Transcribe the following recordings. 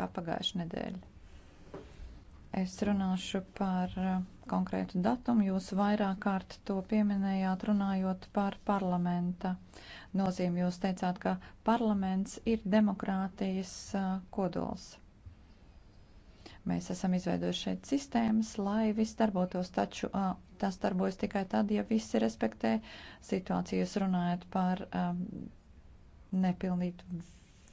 nekā pagājušajā nedēļā. Es runāšu par uh, konkrētu datumu. Jūs vairāk kārt to pieminējāt, runājot par parlamenta nozīmi. Jūs teicāt, ka parlaments ir demokrātijas uh, kodols. Mēs esam izveidojuši šeit sistēmas, lai viss darbotos, taču a, uh, tas darbojas tikai tad, ja visi respektē situāciju. Jūs runājat par a, um, nepilnību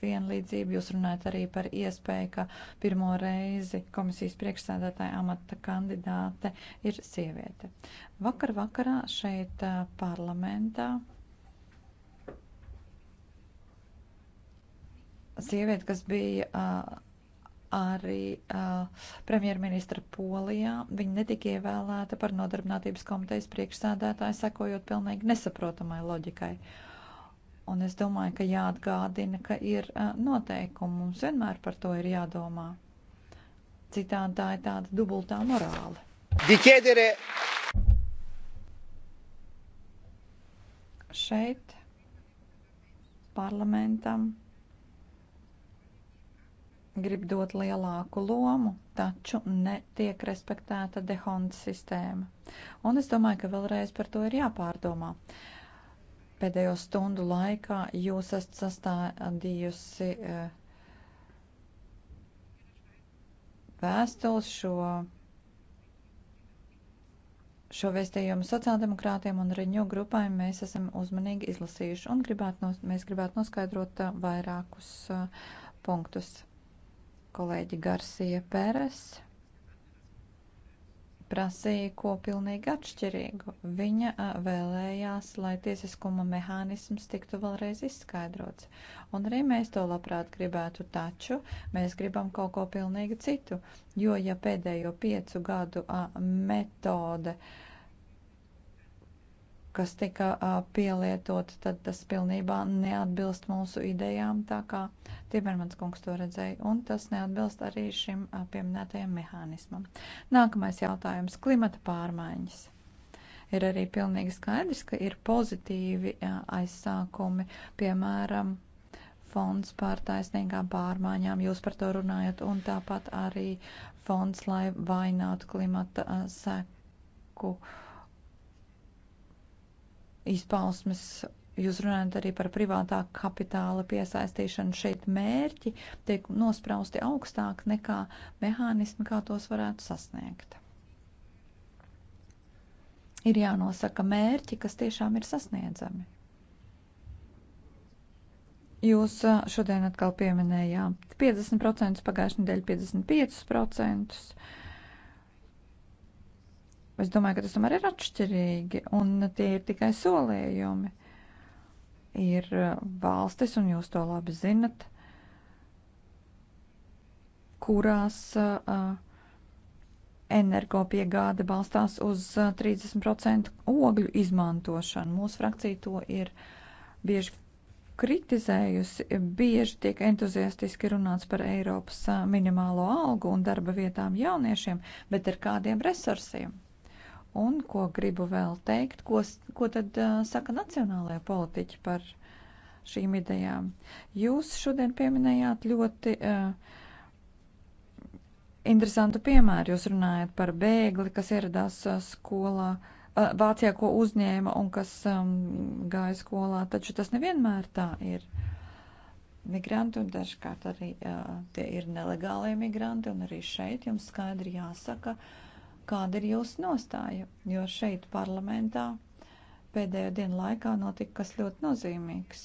vienlīdzību. Jūs runājat arī par iespēju, ka pirmo reizi komisijas priekšsēdētāja amata kandidāte ir sieviete. Vakar vakarā šeit parlamentā sieviete, kas bija uh, arī uh, premjerministra Polijā. Viņa netika ievēlēta par nodarbinātības komitejas priekšsādātāju, sekojot pilnīgi nesaprotamai loģikai. Uh, Un es domāju, ka jāatgādina, ka ir noteikumi. Mums vienmēr par to ir jādomā. Citādi tā ir tāda dubultā morāla. Diķēdere. Šeit parlamentam grib dot lielāku lomu, taču netiek respektēta dehonta sistēma. Un es domāju, ka vēlreiz par to ir jāpārdomā. Uh, pēdējo stundu laikā jūs esat sastādījusi eh, vēstules šo, šo vēstījumu sociāldemokrātiem un riņu grupai. Mēs esam uzmanīgi izlasījuši un gribētu nos, mēs gribētu noskaidrot eh, vairākus eh, punktus. Kolēģi Garcija Pēres prasīja ko pilnīgi atšķirīgu. Viņa vēlējās, lai tiesiskuma mehānisms tiktu vēlreiz izskaidrots. Un arī mēs to labprāt gribētu, taču mēs gribam kaut ko pilnīgi citu. Jo, ja pēdējo piecu gadu metode uh, kas tika pielietot, tad tas pilnībā neatbilst mūsu idejām, tā kā Timermans kungs to redzēja, un tas neatbilst arī šim pieminētajam mehānismam. Nākamais jautājums - klimata pārmaiņas ir arī pilnīgi skaidrs, ka ir pozitīvi aizsākumi, piemēram, fonds pār taisnīgām pārmaiņām, jūs par to runājat, un tāpat arī fonds, lai vainātu klimata seku izpausmes. Jūs runājat arī par privātā kapitāla piesaistīšanu. Šeit mērķi tiek nosprausti augstāk nekā mehānismi, kā tos varētu sasniegt. Ir jānosaka mērķi, kas tiešām ir sasniedzami. Jūs uh, šodien atkal pieminējāt 50%, pagājušajā nedēļā 55%. Es domāju, ka tas tomēr ir atšķirīgi, un tie ir tikai solījumi. Ir uh, valstis, un jūs to labi zinat, kurās uh, uh energopiegāde balstās uz 30% uh, ogļu izmantošanu. Mūsu frakcija to ir bieži kritizējusi, bieži tiek entuziastiski runāts par Eiropas minimālo algu un darba vietām jauniešiem, bet ar kādiem resursiem? Un ko gribu vēl teikt, ko, ko tad uh, saka nacionālajie politiķi par šīm idejām? Jūs šodien pieminējāt ļoti uh, interesantu piemēru. Jūs runājat par bēgli, kas ieradās uh, skolā, uh, Vācijā, ko uzņēma un kas um, gāja skolā, taču tas nevienmēr tā ir. Migranti un dažkārt arī uh, tie ir nelegālie migranti, un arī šeit jums skaidri jāsaka, uh, Kāda ir jūsu nostāja? Jo šeit parlamentā pēdējo dienu laikā notika kas ļoti nozīmīgs.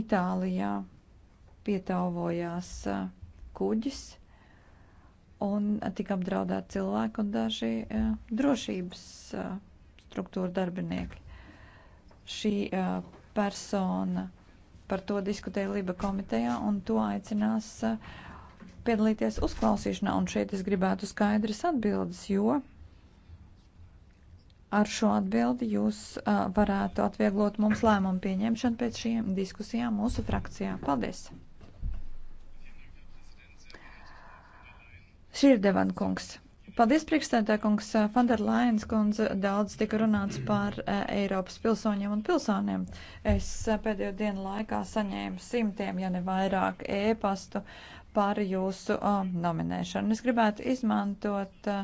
Itālijā pietāvojās kuģis un tika apdraudēti cilvēki un daži e, drošības e, struktūra darbinieki. Šī e, persona par to diskutēja Liba komitejā un to aicinās uh, piedalīties uzklausīšanā, un šeit es gribētu skaidras atbildes, jo ar šo atbildi jūs uh, varētu atvieglot mums lēmumu pieņemšanu pēc šiem diskusijām mūsu frakcijā. Paldies! Šī ir Devan kungs. Paldies, priekšstādātāja kungs, Fanderlainas kundze. Daudz tika runāts par Eiropas pilsoņiem un pilsoniem. Es pēdējo dienu laikā saņēmu simtiem, ja ne vairāk, ēpastu par jūsu o, nominēšanu. Es gribētu izmantot o,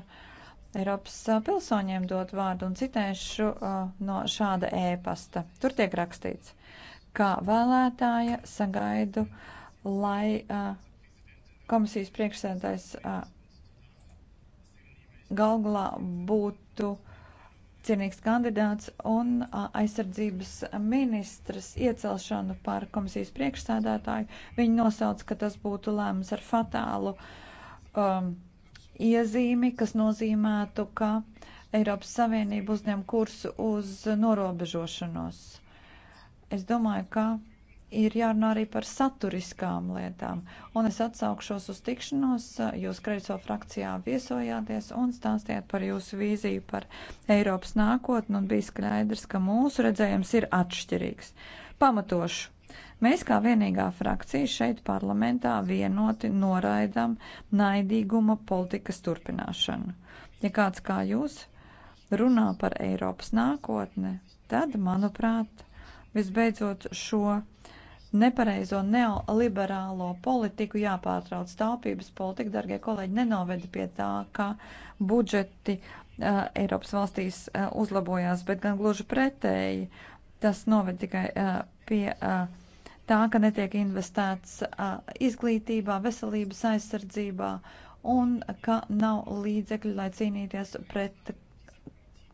Eiropas pilsoņiem dot vārdu un citēšu o, no šāda ēpasta. Tur tiek rakstīts, kā vēlētāja sagaidu, lai o, komisijas priekšsēdājs galgulā būtu. O, cienīgs kandidāts un aizsardzības ministras iecelšanu par komisijas priekšsādātāju. Viņi nosauc, ka tas būtu lēmums ar fatālu um, iezīmi, kas nozīmētu, ka Eiropas Savienība uzņem kursu uz norobežošanos. Es domāju, ka ir jārunā arī par saturiskām lietām. Un es atsaukšos uz tikšanos, jūs kreiso frakcijā viesojāties un stāstījāt par jūsu vīziju par Eiropas nākotni un bija skaidrs, ka mūsu redzējums ir atšķirīgs. Pamatošu. Mēs kā vienīgā frakcija šeit parlamentā vienoti noraidam naidīguma politikas turpināšanu. Ja kāds kā jūs runā par Eiropas nākotni, tad, manuprāt, visbeidzot šo uh, nepareizo neoliberālo politiku jāpārtrauc. Taupības politika, darbie kolēģi, nenoveda pie tā, ka budžeti uh, Eiropas valstīs uh, uzlabojās, bet gan gluži pretēji. Tas noved tikai uh, pie uh, tā, ka netiek investēts uh, izglītībā, veselības aizsardzībā un ka nav līdzekļu, lai cīnīties pret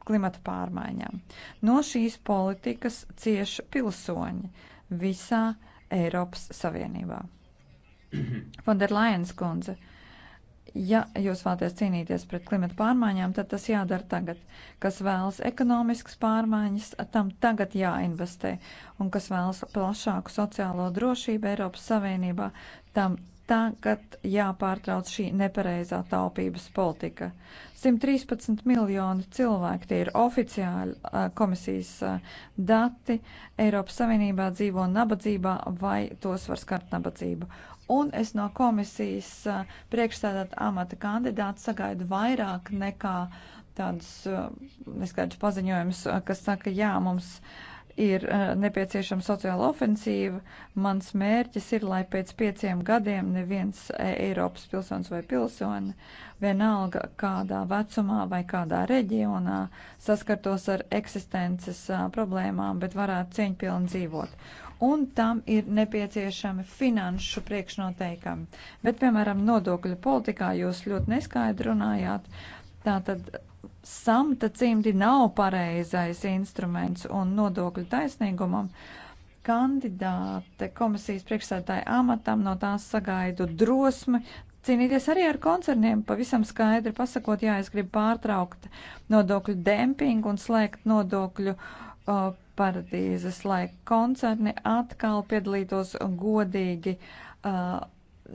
klimata pārmaiņām. No šīs politikas cieši pilsoņi visā uh, Eiropas Savienībā. Fonderlajens kundze, ja jūs vēlaties cīnīties pret klimata pārmaiņām, tad tas jādara tagad. Kas vēlas ekonomiskas pārmaiņas, tam tagad jāinvestē. Un kas vēlas plašāku sociālo drošību Eiropas Savienībā, tam tagad jāpārtrauc šī nepareizā taupības politika. 113 miljoni cilvēki, tie ir oficiāli komisijas dati, Eiropas Savienībā dzīvo nabadzībā vai tos var skart nabadzību. Un es no komisijas priekšstādāt amata kandidātu sagaidu vairāk nekā tādus neskaidrus paziņojumus, kas saka, jā, mums uh, ir eh, nepieciešama sociāla ofensīva. Mans mērķis ir, lai pēc pieciem gadiem neviens eh, Eiropas pilsonis vai pilsoni, vienalga kādā vecumā vai kādā reģionā, saskartos ar eksistences eh, problēmām, bet varētu cieņpilni dzīvot. Un tam ir nepieciešami finanšu priekšnoteikami. Bet, piemēram, nodokļu politikā jūs ļoti neskaidri runājāt. Tātad samta cimdi nav pareizais instruments un nodokļu taisnīgumam. Kandidāte komisijas priekšsētāja amatam no tās sagaidu drosmi, cīnīties arī ar koncerniem, pavisam skaidri pasakot, jā, es gribu pārtraukt nodokļu dempingu un slēgt nodokļu o, paradīzes, lai koncerni atkal piedalītos godīgi o,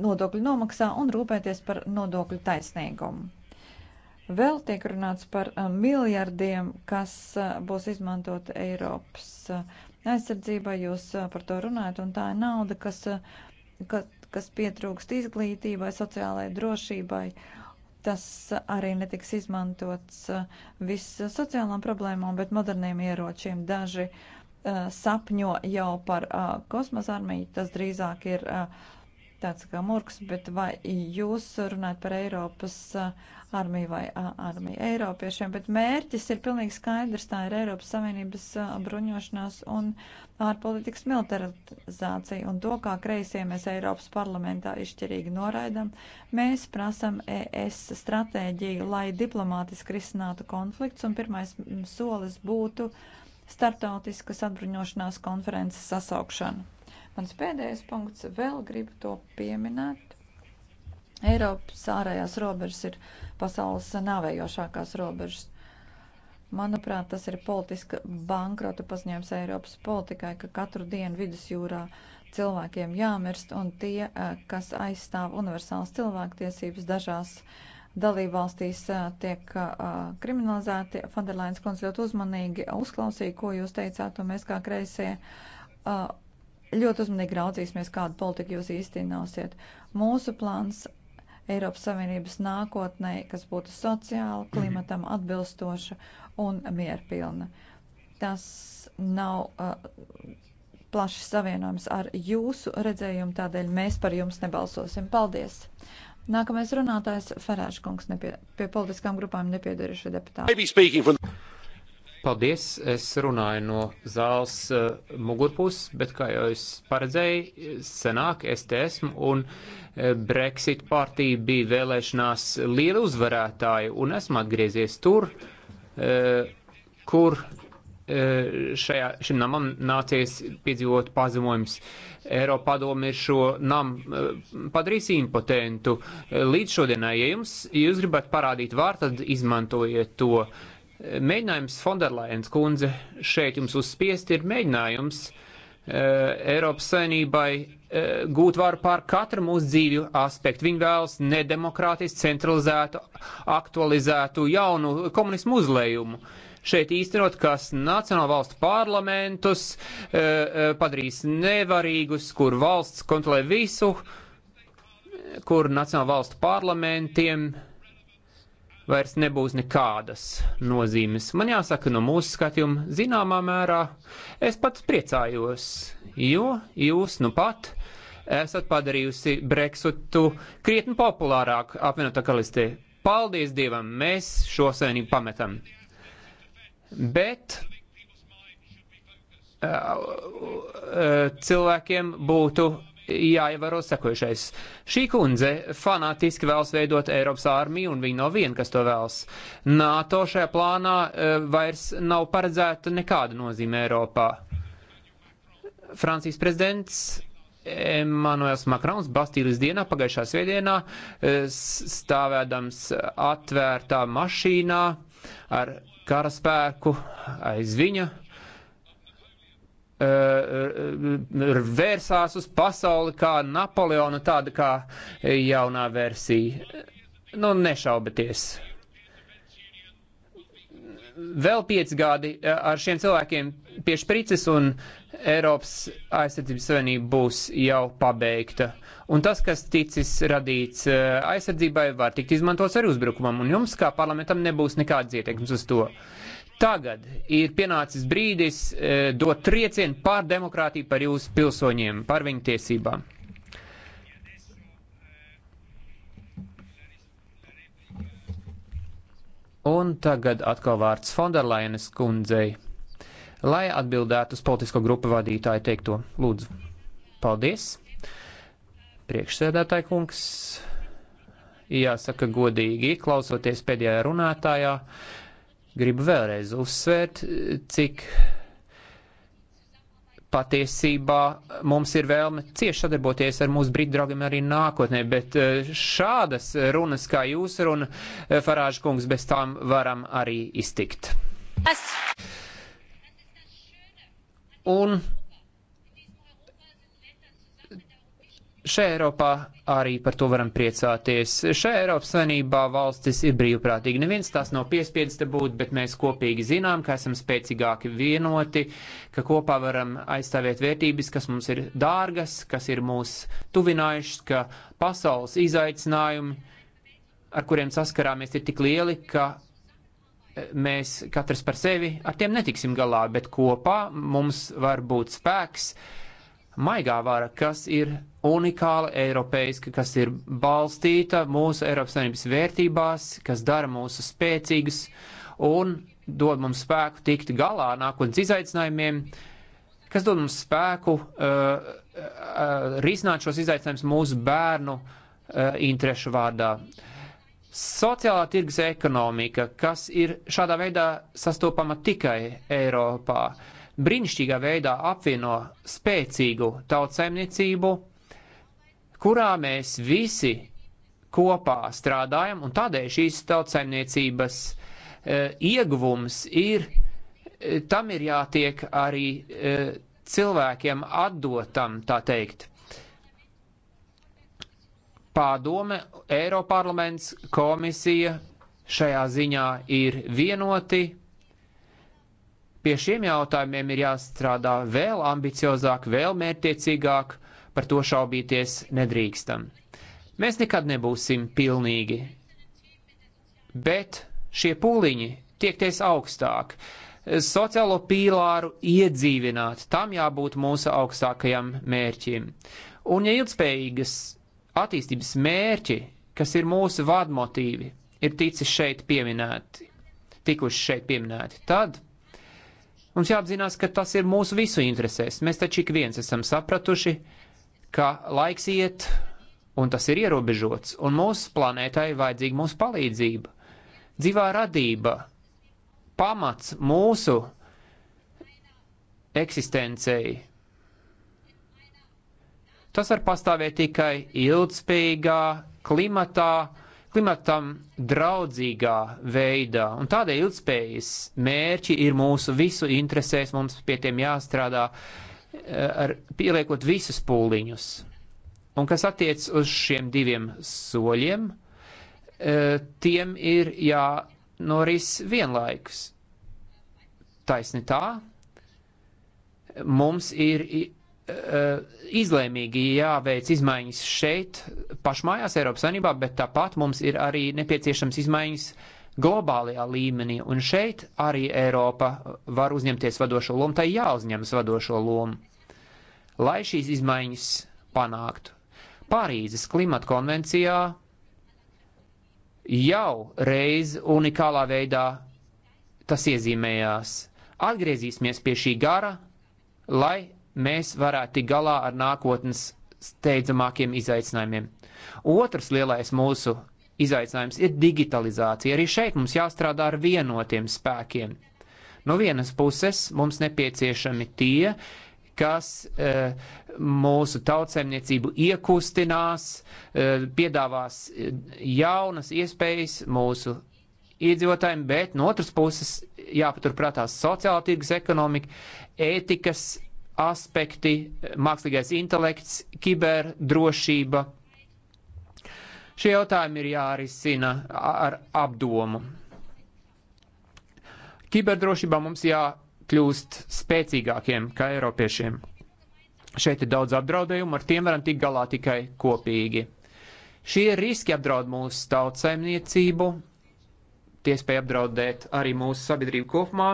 nodokļu nomaksā un rūpēties par nodokļu taisnīgumu. Vēl tiek runāts par eh, miljardiem, kas eh, būs izmantota Eiropas eh, aizsardzībā. Jūs par to runājat, un tā ir nauda, kas, kas, kas pietrūkst izglītībai, sociālajai drošībai. Tas arī netiks izmantots viss sociālām problēmām, bet moderniem ieročiem daži sapņo jau par kosmosa armiju. Tas drīzāk ir uh, tāds kā murgs, bet vai jūs runājat par Eiropas uh, armiju vai uh, armiju Eiropiešiem, bet mērķis ir pilnīgi skaidrs, tā ir Eiropas Savienības uh, bruņošanās un ārpolitikas militarizācija, un to, kā kreisie mēs Eiropas parlamentā izšķirīgi noraidam, mēs prasam ES stratēģiju, lai diplomātiski risinātu konflikts, un pirmais mm, solis būtu starptautiskas atbruņošanās konferences sasaukšana. Mans pēdējais punkts, vēl gribu to pieminēt. Eiropas ārējās robežas ir pasaules nāvējošākās robežas. Manuprāt, tas ir politiska bankrota paziņojums Eiropas politikai, ka katru dienu vidusjūrā cilvēkiem jāmirst, un tie, eh, kas aizstāv universālas cilvēktiesības dažās dalībvalstīs, eh, tiek eh, kriminalizēti. Fanderlains kundze ļoti uzmanīgi uzklausīja, ko jūs teicāt, un mēs kā kreisie ļoti uzmanīgi raudzīsimies, kādu politiku jūs īstenosiet. Mūsu plāns Eiropas Savienības nākotnē, kas būtu sociāli, klimatam atbilstoša un mierpilna. Tas nav uh, plaši savienojums ar jūsu redzējumu, tādēļ mēs par jums nebalsosim. Paldies! Nākamais runātājs Ferāžkungs nepie, pie politiskām grupām nepiedaruši deputāti. Paldies, es runāju no zāles uh, mugurpuses, bet kā jau es paredzēju, senāk es te esmu un uh, Brexit partija bija vēlēšanās liela uzvarētāja un esmu atgriezies tur, uh, kur šajā, šim namam nācies piedzīvot pazemojums. Eiropa padomi ir šo nam padarīs impotentu. Līdz šodienai, ja jums, ja jūs gribat parādīt vārdu, tad izmantojiet to. Uh, Mēģinājums Fonderlainas kundze šeit jums uzspiest ir mēģinājums uh, Eiropas saimnībai uh, eh, gūt varu pār katru mūsu dzīvi aspektu. Viņi vēlas nedemokrātisku, centralizētu, aktualizētu jaunu komunismu uzlējumu. Šeit īstenot, kas nacionālu valstu parlamentus uh, padarīs nevarīgus, kur valsts kontrolē visu, kur nacionālu valstu parlamentiem uh, vairs nebūs nekādas nozīmes. Man jāsaka, no mūsu skatījuma, zināmā mērā, es pats priecājos, jo jūs nu pat esat padarījusi Brexitu krietni populārāk apvienotā kalistē. Paldies Dievam, mēs šo savienību pametam. Bet eh, eh, cilvēkiem būtu jāievēro sekojušais. Šī kundze fanātiski vēlas veidot Eiropas armiju, un viņa nav viena, kas to vēlas. NATO šajā plānā e, vairs nav paredzēta nekāda nozīme Eiropā. Francijas prezidents Emanuels Makrons Bastīlis dienā pagājušā svētdienā e, stāvēdams atvērtā mašīnā ar karaspēku aiz viņa Eh, eh, eh, vērsās uz pasauli kā Napoleona, tāda kā jaunā versija. Nu, nešaubieties. Vēl pieci gadi ar šiem cilvēkiem pie šprices un Eiropas aizsardzības savienība būs jau pabeigta. Un tas, kas ticis radīts aizsardzībai, var tikt izmantots arī uzbrukumam, un jums kā parlamentam nebūs nekāds ieteikums uz to. Uh, Tagad ir pienācis brīdis e, dot triecienu pār demokrātiju, par jūsu pilsoņiem, par viņu tiesībām. Un tagad atkal vārds Fonderlainas kundzei, lai atbildētu uz politisko grupu vadītāju teikto. Lūdzu. Paldies. Priekšsēdētāji kungs. Jāsaka godīgi, klausoties pēdējā runātājā, Gribu vēlreiz uzsvērt, cik patiesībā mums ir vēlme cieši sadarboties ar mūsu brītu draugiem arī nākotnē, bet eh, šādas runas kā jūsu runa, eh, Farāža kungs, bez tām varam arī iztikt. Es. Un Šajā Eiropā arī par to varam priecāties. Šajā Eiropas Savienībā valstis ir brīvprātīgi. Neviens tās nav piespiedzis te būt, bet mēs kopīgi zinām, ka esam spēcīgāki vienoti, ka kopā varam aizstāvēt vērtības, kas mums ir dārgas, kas ir mūs tuvinājušas, ka pasaules izaicinājumi, ar kuriem saskarāmies, ir tik lieli, ka e, mēs katrs par sevi ar tiem netiksim galā, bet kopā mums var būt spēks maigā vara, kas ir unikāla eiropeiska, kas ir balstīta mūsu Eiropas Savienības vērtībās, kas dara mūsu spēcīgus un dod mums spēku tikt galā nākotnes izaicinājumiem, kas dod mums spēku uh, uh, risināt šos izaicinājumus mūsu bērnu uh, interešu vārdā. Sociālā tirgus ekonomika, kas ir šādā veidā sastopama tikai Eiropā. Uh, brīnišķīgā veidā apvieno spēcīgu tautsaimniecību, kurā mēs visi kopā strādājam, un tādēļ šīs tautsaimniecības e, ieguvums ir, e, tam ir jātiek arī e, cilvēkiem atdotam, tā teikt. Pārdome, Eiroparlaments, komisija šajā ziņā ir vienoti Pie šiem jautājumiem ir jāstrādā vēl ambiciozāk, vēl mērtiecīgāk, par to šaubīties nedrīkstam. Mēs nekad nebūsim pilnīgi, bet šie pūliņi tiekties augstāk. Sociālo pīlāru iedzīvināt, tam jābūt mūsu augstākajam mērķim. Un ja ilgspējīgas attīstības mērķi, kas ir mūsu vadmotīvi, ir ticis šeit pieminēti, tikuši šeit pieminēti, tad Mums jāapzinās, ka tas ir mūsu visu interesēs. Mēs taču ik viens esam sapratuši, ka laiks iet, un tas ir ierobežots, un mūsu planētai vajadzīga mūsu palīdzība, dzīvā radība, pamats mūsu eksistencei. Tas var pastāvēt tikai ilgspējīgā klimatā, klimatam draudzīgā veidā. Un tādēļ ilgspējas mērķi ir mūsu visu interesēs, mums pie tiem jāstrādā, eh, ar, pieliekot visus pūliņus. Un kas attiec uz šiem diviem soļiem, eh, tiem ir jānoris vienlaikus. Taisni tā, mums ir Eh, izlēmīgi jāveic izmaiņas šeit, pašmājās Eiropas Savienībā, bet tāpat mums ir arī nepieciešams izmaiņas globālajā līmenī, un šeit arī Eiropa var uzņemties vadošo lomu, tai jāuzņemas vadošo lomu, lai šīs izmaiņas panāktu. Parīzes klimata konvencijā jau reiz unikālā veidā tas iezīmējās. Atgriezīsimies pie šī gara, lai mēs varētu tikt galā ar nākotnes steidzamākiem izaicinājumiem. Otrs lielais mūsu izaicinājums ir digitalizācija. Arī šeit mums jāstrādā ar vienotiem spēkiem. No vienas puses mums nepieciešami tie, kas e, mūsu tautsēmniecību iekustinās, e, piedāvās e, jaunas iespējas mūsu iedzīvotājiem, bet no otras puses jāpaturprātās sociāla tirgus ekonomika, ētikas aspekti, mākslīgais intelekts, kiberdrošība. Šie jautājumi ir jārisina ar apdomu. Kiberdrošībā mums jākļūst spēcīgākiem kā Eiropiešiem. Šeit ir daudz apdraudējumu, ar tiem varam tikt galā tikai kopīgi. Šie riski apdraud mūsu tautsēmniecību, tie spēj apdraudēt arī mūsu sabiedrību kopumā.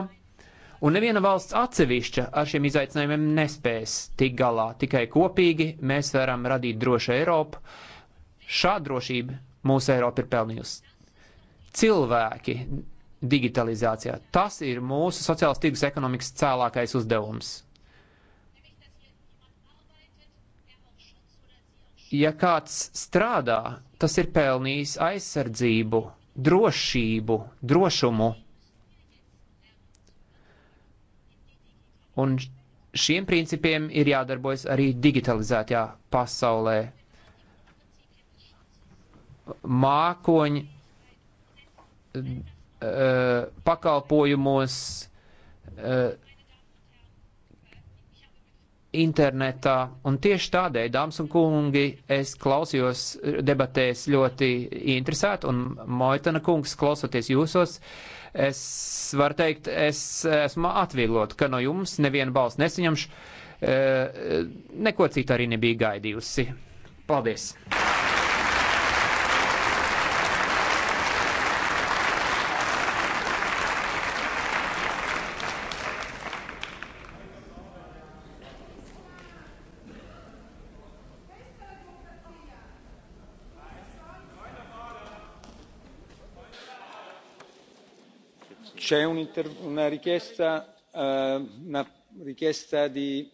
Un neviena valsts atsevišķa ar šiem izaicinājumiem nespēs tik galā. Tikai kopīgi mēs varam radīt drošu Eiropu. Šāda drošība mūsu Eiropa ir pelnījusi. Cilvēki digitalizācijā. Tas ir mūsu sociālās tirgus ekonomikas cēlākais uzdevums. Ja kāds strādā, tas ir pelnījis aizsardzību, drošību, drošumu Un šiem principiem ir jādarbojas arī digitalizētajā pasaulē. Mākoņi eh, pakalpojumos, eh, internetā, un tieši tādēļ, dāmas un kungi, es klausījos debatēs ļoti interesēti, un Moitana kungs, klausoties jūsos, uh, Es varu teikt, es esmu atvieglot, ka no jums nevienu balstu nesaņemšu. Eh, neko citu arī nebija gaidījusi. Paldies! c'è una richiesta, eh, una richiesta di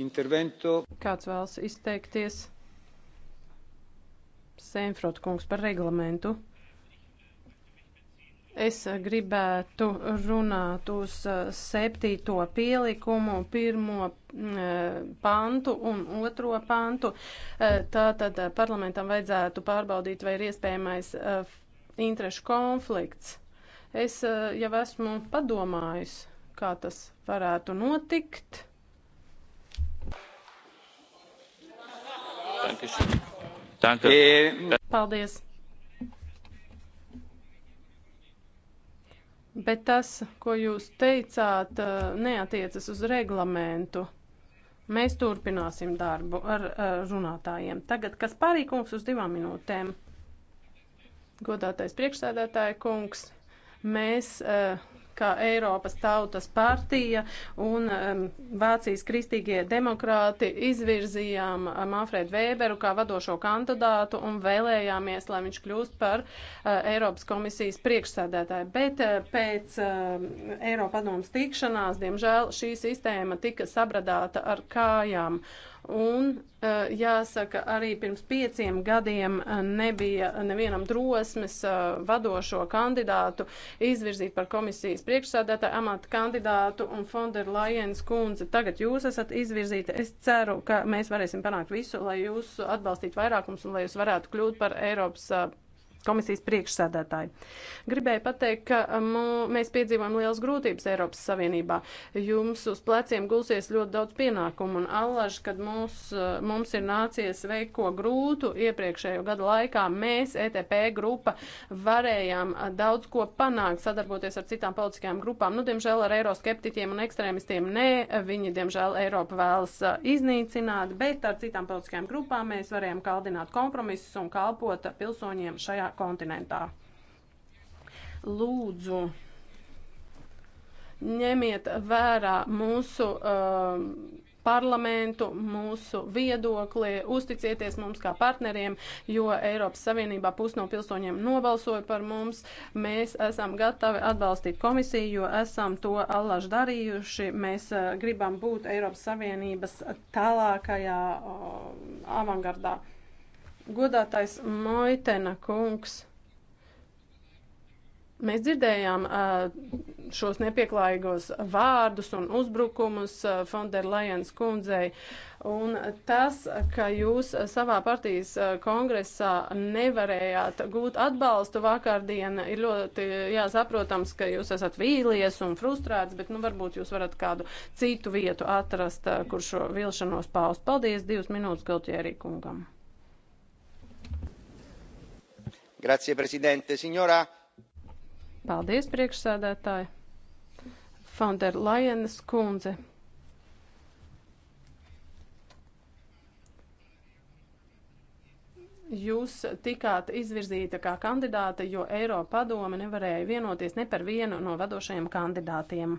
intervento. Kāds vēlas izteikties? Sēmfrot kungs par reglamentu. Es gribētu runāt uz eh, septīto pielikumu, pirmo eh, pantu un otro pantu. Tātad parlamentam vajadzētu pārbaudīt, vai ir iespējamais interešu konflikts. Es eh, jau esmu padomājis, kā tas varētu notikt. Eh, Paldies! Bet tas, ko jūs teicāt, eh, neatiecas uz reglamentu. Mēs turpināsim darbu ar, ar runātājiem. Tagad, kas pārīkums uz divām minūtēm? Godātais priekšsēdētāja kungs, Mēs, eh, kā Eiropas tautas partija un Vācijas kristīgie demokrāti, izvirzījām Manfredu Vēberu kā vadošo kandidātu un vēlējāmies, lai viņš kļūst par eh, Eiropas komisijas priekšsēdētāju. Bet eh, pēc Eiropadomas tikšanās, diemžēl, šī sistēma tika sabradāta ar kājām. Un eh, jāsaka, arī pirms pieciem gadiem eh, nebija nevienam drosmes eh, vadošo kandidātu izvirzīt par komisijas priekšsādātāju amatu kandidātu un Fonder Lajens kundze. Tagad jūs esat izvirzīta. Es ceru, ka mēs varēsim panākt visu, lai jūs atbalstītu vairākums un lai jūs varētu kļūt par Eiropas komisijas priekšsēdētāji. Gribēju pateikt, ka mū, um, mēs piedzīvojam liels grūtības Eiropas Savienībā. Jums uz pleciem gulsies ļoti daudz pienākumu un allaž, kad mūs, uh, mums ir nācies veikt ko grūtu iepriekšējo gadu laikā, mēs, ETP grupa, varējām uh, daudz ko panākt, sadarboties ar citām politiskajām grupām. Nu, diemžēl ar eiroskeptiķiem un ekstrēmistiem nē, viņi, diemžēl, Eiropu vēlas uh, iznīcināt, bet ar citām politiskajām grupām mēs varējām kaldināt kompromisus un kalpot pilsoņiem šajā šajā kontinentā. Lūdzu, ņemiet vērā mūsu um, parlamentu, mūsu viedokli, uzticieties mums kā partneriem, jo Eiropas Savienībā pus no pilsoņiem nobalsoja par mums. Mēs esam gatavi atbalstīt komisiju, jo esam to allaž darījuši. Mēs uh, gribam būt Eiropas Savienības tālākajā uh, avangardā. Godātais Moitena kungs, mēs dzirdējām šos nepieklājīgos vārdus un uzbrukumus Fonderlajens kundzei. Un tas, ka jūs savā partijas kongresā nevarējāt gūt atbalstu vakardien, ir ļoti jāsaprotams, ka jūs esat vīlies un frustrēts, bet nu varbūt jūs varat kādu citu vietu atrast, kur šo vilšanos paust. Paldies, divas minūtes Galtjērī kungam. Grazie, prezidente, signorā. Paldies, priekšsēdētāji. Fonderlajenes kundze. Jūs tikāt izvirzīta kā kandidāte, jo Eiropa padome nevarēja vienoties ne par vienu no vadošajiem kandidātiem.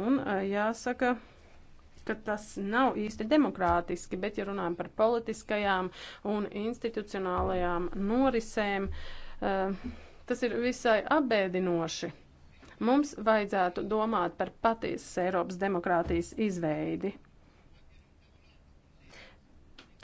Un eh, jāsaka, ka tas nav īsti demokrātiski, bet ja runājam par politiskajām un institucionālajām norisēm, eh, tas ir visai apbēdinoši. Mums vajadzētu domāt par patiesas Eiropas demokrātijas izveidi.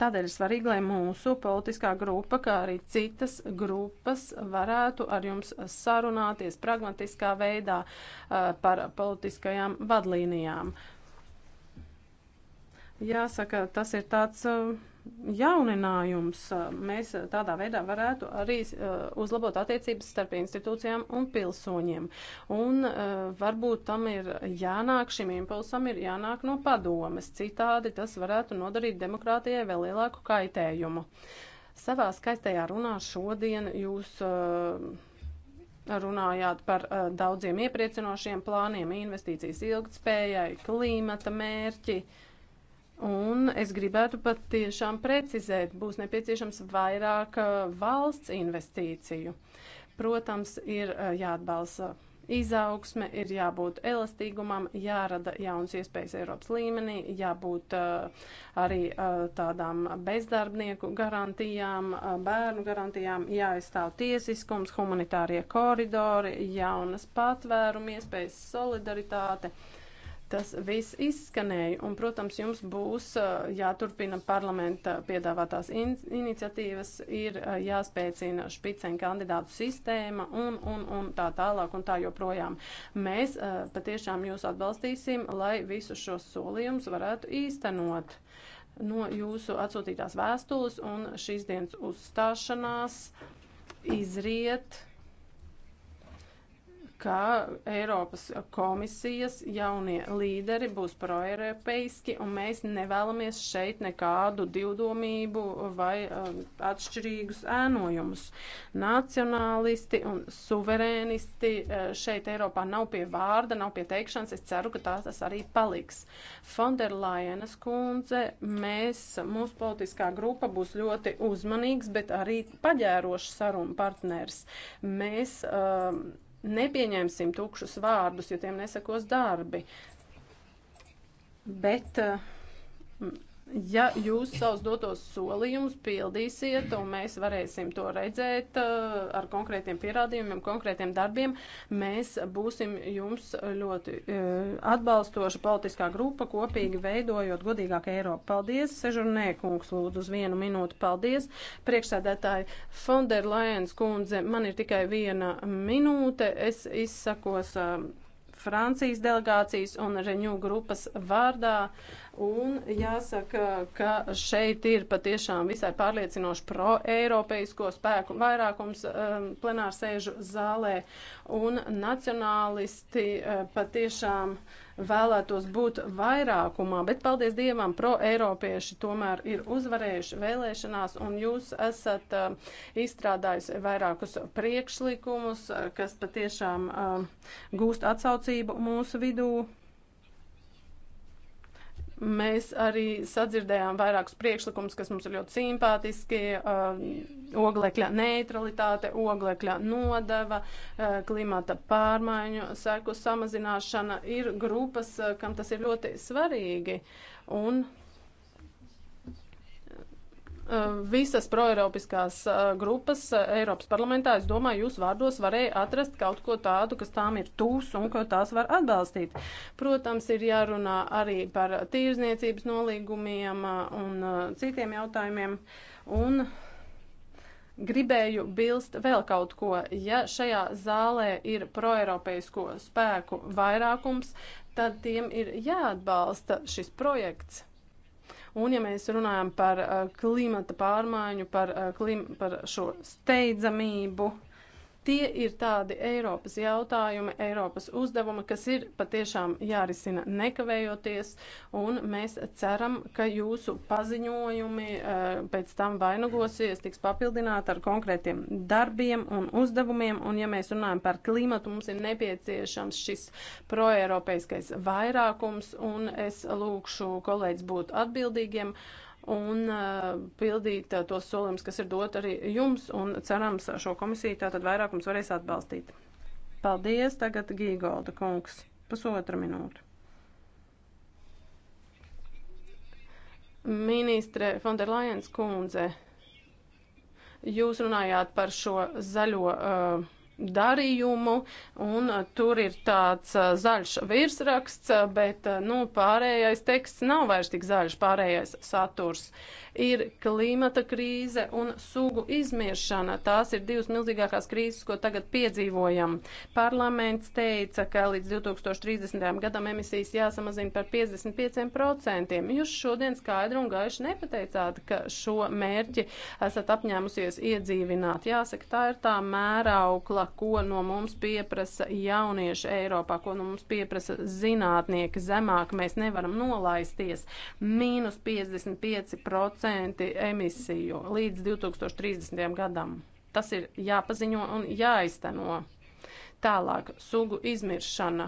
Tādēļ ir svarīgi, lai mūsu politiskā grupa, kā arī citas grupas, varētu ar jums sarunāties pragmatiskā veidā eh, par politiskajām vadlīnijām. Uh, Jāsaka, tas ir tāds uh, jauninājums. Uh, mēs tādā veidā varētu arī uh, uzlabot attiecības starp institūcijām un pilsoņiem. Un varbūt tam ir jānāk, šim impulsam ir jānāk no padomes. Citādi tas varētu nodarīt demokrātijai vēl lielāku kaitējumu. Savā skaistajā runā šodien jūs runājāt par daudziem iepriecinošiem plāniem, investīcijas ilgtspējai, klimata mērķi. Uh, Un es gribētu pat tiešām precizēt, būs nepieciešams vairāk uh, valsts investīciju. Protams, ir uh, jāatbalsta izaugsme, ir jābūt elastīgumam, jārada jauns iespējas Eiropas līmenī, jābūt uh, arī tādām bezdarbnieku garantijām, bērnu garantijām, jāizstāv tiesiskums, humanitārie koridori, jaunas patvērumu iespējas, solidaritāte. Uh, tas viss izskanēja. Un, protams, jums būs jāturpina parlamenta piedāvātās in iniciatīvas, ir jāspēcina špicēna kandidātu sistēma un, un, un tā tālāk un tā joprojām. Mēs patiešām jūs atbalstīsim, lai visus šos solījumus varētu īstenot no jūsu atsūtītās vēstules un šīs dienas uzstāšanās izriet ka Eiropas komisijas jaunie līderi būs proeiropeiski, un mēs nevēlamies šeit nekādu divdomību vai uh, atšķirīgus ēnojumus. Nacionālisti un suverēnisti uh, šeit Eiropā nav pie vārda, nav pie teikšanas. Es ceru, ka tā tas arī paliks. Fonderlajenas kundze, mēs, mūsu politiskā grupa būs ļoti uzmanīgs, bet arī paģērošs sarunu partners. Mēs, uh, Nepieņemsim tukšus vārdus, jo tiem nesakos darbi. Bet uh, Ja jūs savus dotos solījumus pildīsiet, un mēs varēsim to redzēt uh, ar konkrētiem pierādījumiem, konkrētiem darbiem, mēs būsim jums ļoti uh, atbalstoša politiskā grupa, kopīgi veidojot godīgāku Eiropu. Paldies, Sežurnē, kungs, lūdzu uz vienu minūti. Paldies, priekšsēdētāji Fonderlajens kundze, man ir tikai viena minūte. Es izsakos uh, Francijas delegācijas un Reņu grupas vārdā. Uh, Un jāsaka, ka šeit ir patiešām visai pārliecinoši pro-eiropeisko spēku vairākums um, plenārsēžu zālē. Un nacionālisti uh, patiešām vēlētos būt vairākumā, bet paldies Dievam, pro-eiropieši tomēr ir uzvarējuši vēlēšanās, un jūs esat uh, izstrādājusi vairākus priekšlikumus, uh, kas patiešām uh, gūst atsaucību mūsu vidū. Mēs arī sadzirdējām vairākus priekšlikumus, kas mums ir ļoti simpātiski um, - oglekļa neutralitāte, oglekļa nodeva, uh, klimata pārmaiņu seku samazināšana. Ir grupas, uh, kam tas ir ļoti svarīgi. Un Eh, visas proeiropiskās eh, grupas eh, Eiropas parlamentā, es domāju, jūs vārdos varēja atrast kaut ko tādu, kas tām ir tūs un ko tās var atbalstīt. Protams, ir jārunā arī par tīrzniecības nolīgumiem un citiem jautājumiem. Un gribēju bilst vēl kaut ko. Ja šajā zālē ir proeiropeisko spēku vairākums, tad tiem ir jāatbalsta šis projekts. Un ja mēs runājam par uh, klimata pārmaiņu, par, uh, klim, par šo steidzamību, uh, Tie ir tādi Eiropas jautājumi, Eiropas uzdevumi, kas ir patiešām jārisina nekavējoties, un mēs ceram, ka jūsu paziņojumi eh, pēc tam vainagosies, tiks papildināti ar konkrētiem darbiem un uzdevumiem, un ja mēs runājam par klimatu, mums ir nepieciešams šis proeiropeiskais vairākums, un es lūkšu kolēģis būt atbildīgiem un uh, pildīt uh, tos solījumus, kas ir dot arī jums, un cerams šo komisiju tātad vairākums varēs atbalstīt. Paldies, tagad Gīgolda kungs, pusotra minūte. Ministre Fonderlajens kundze, jūs runājāt par šo zaļo uh, darījumu, un uh, tur ir tāds uh, zaļš virsraksts, uh, bet, nu, pārējais teksts nav vairs tik zaļš, pārējais saturs. Uh, ir klimata krīze un sugu izmiršana. Tās ir divas milzīgākās krīzes, ko tagad piedzīvojam. Parlaments teica, ka līdz 2030. gadam emisijas jāsamazina par 55%. Jūs šodien skaidri un gaiši nepateicāt, ka šo mērķi esat apņēmusies iedzīvināt. Jāsaka, tā ir tā mēraukla, ko no mums pieprasa jaunieši Eiropā, ko no mums pieprasa zinātnieki zemāk. Mēs nevaram nolaisties. Mīnus 55%. 10% emisiju līdz 2030. gadam. Tas ir jāpaziņo un jāizteno. Tālāk, sugu izmiršana.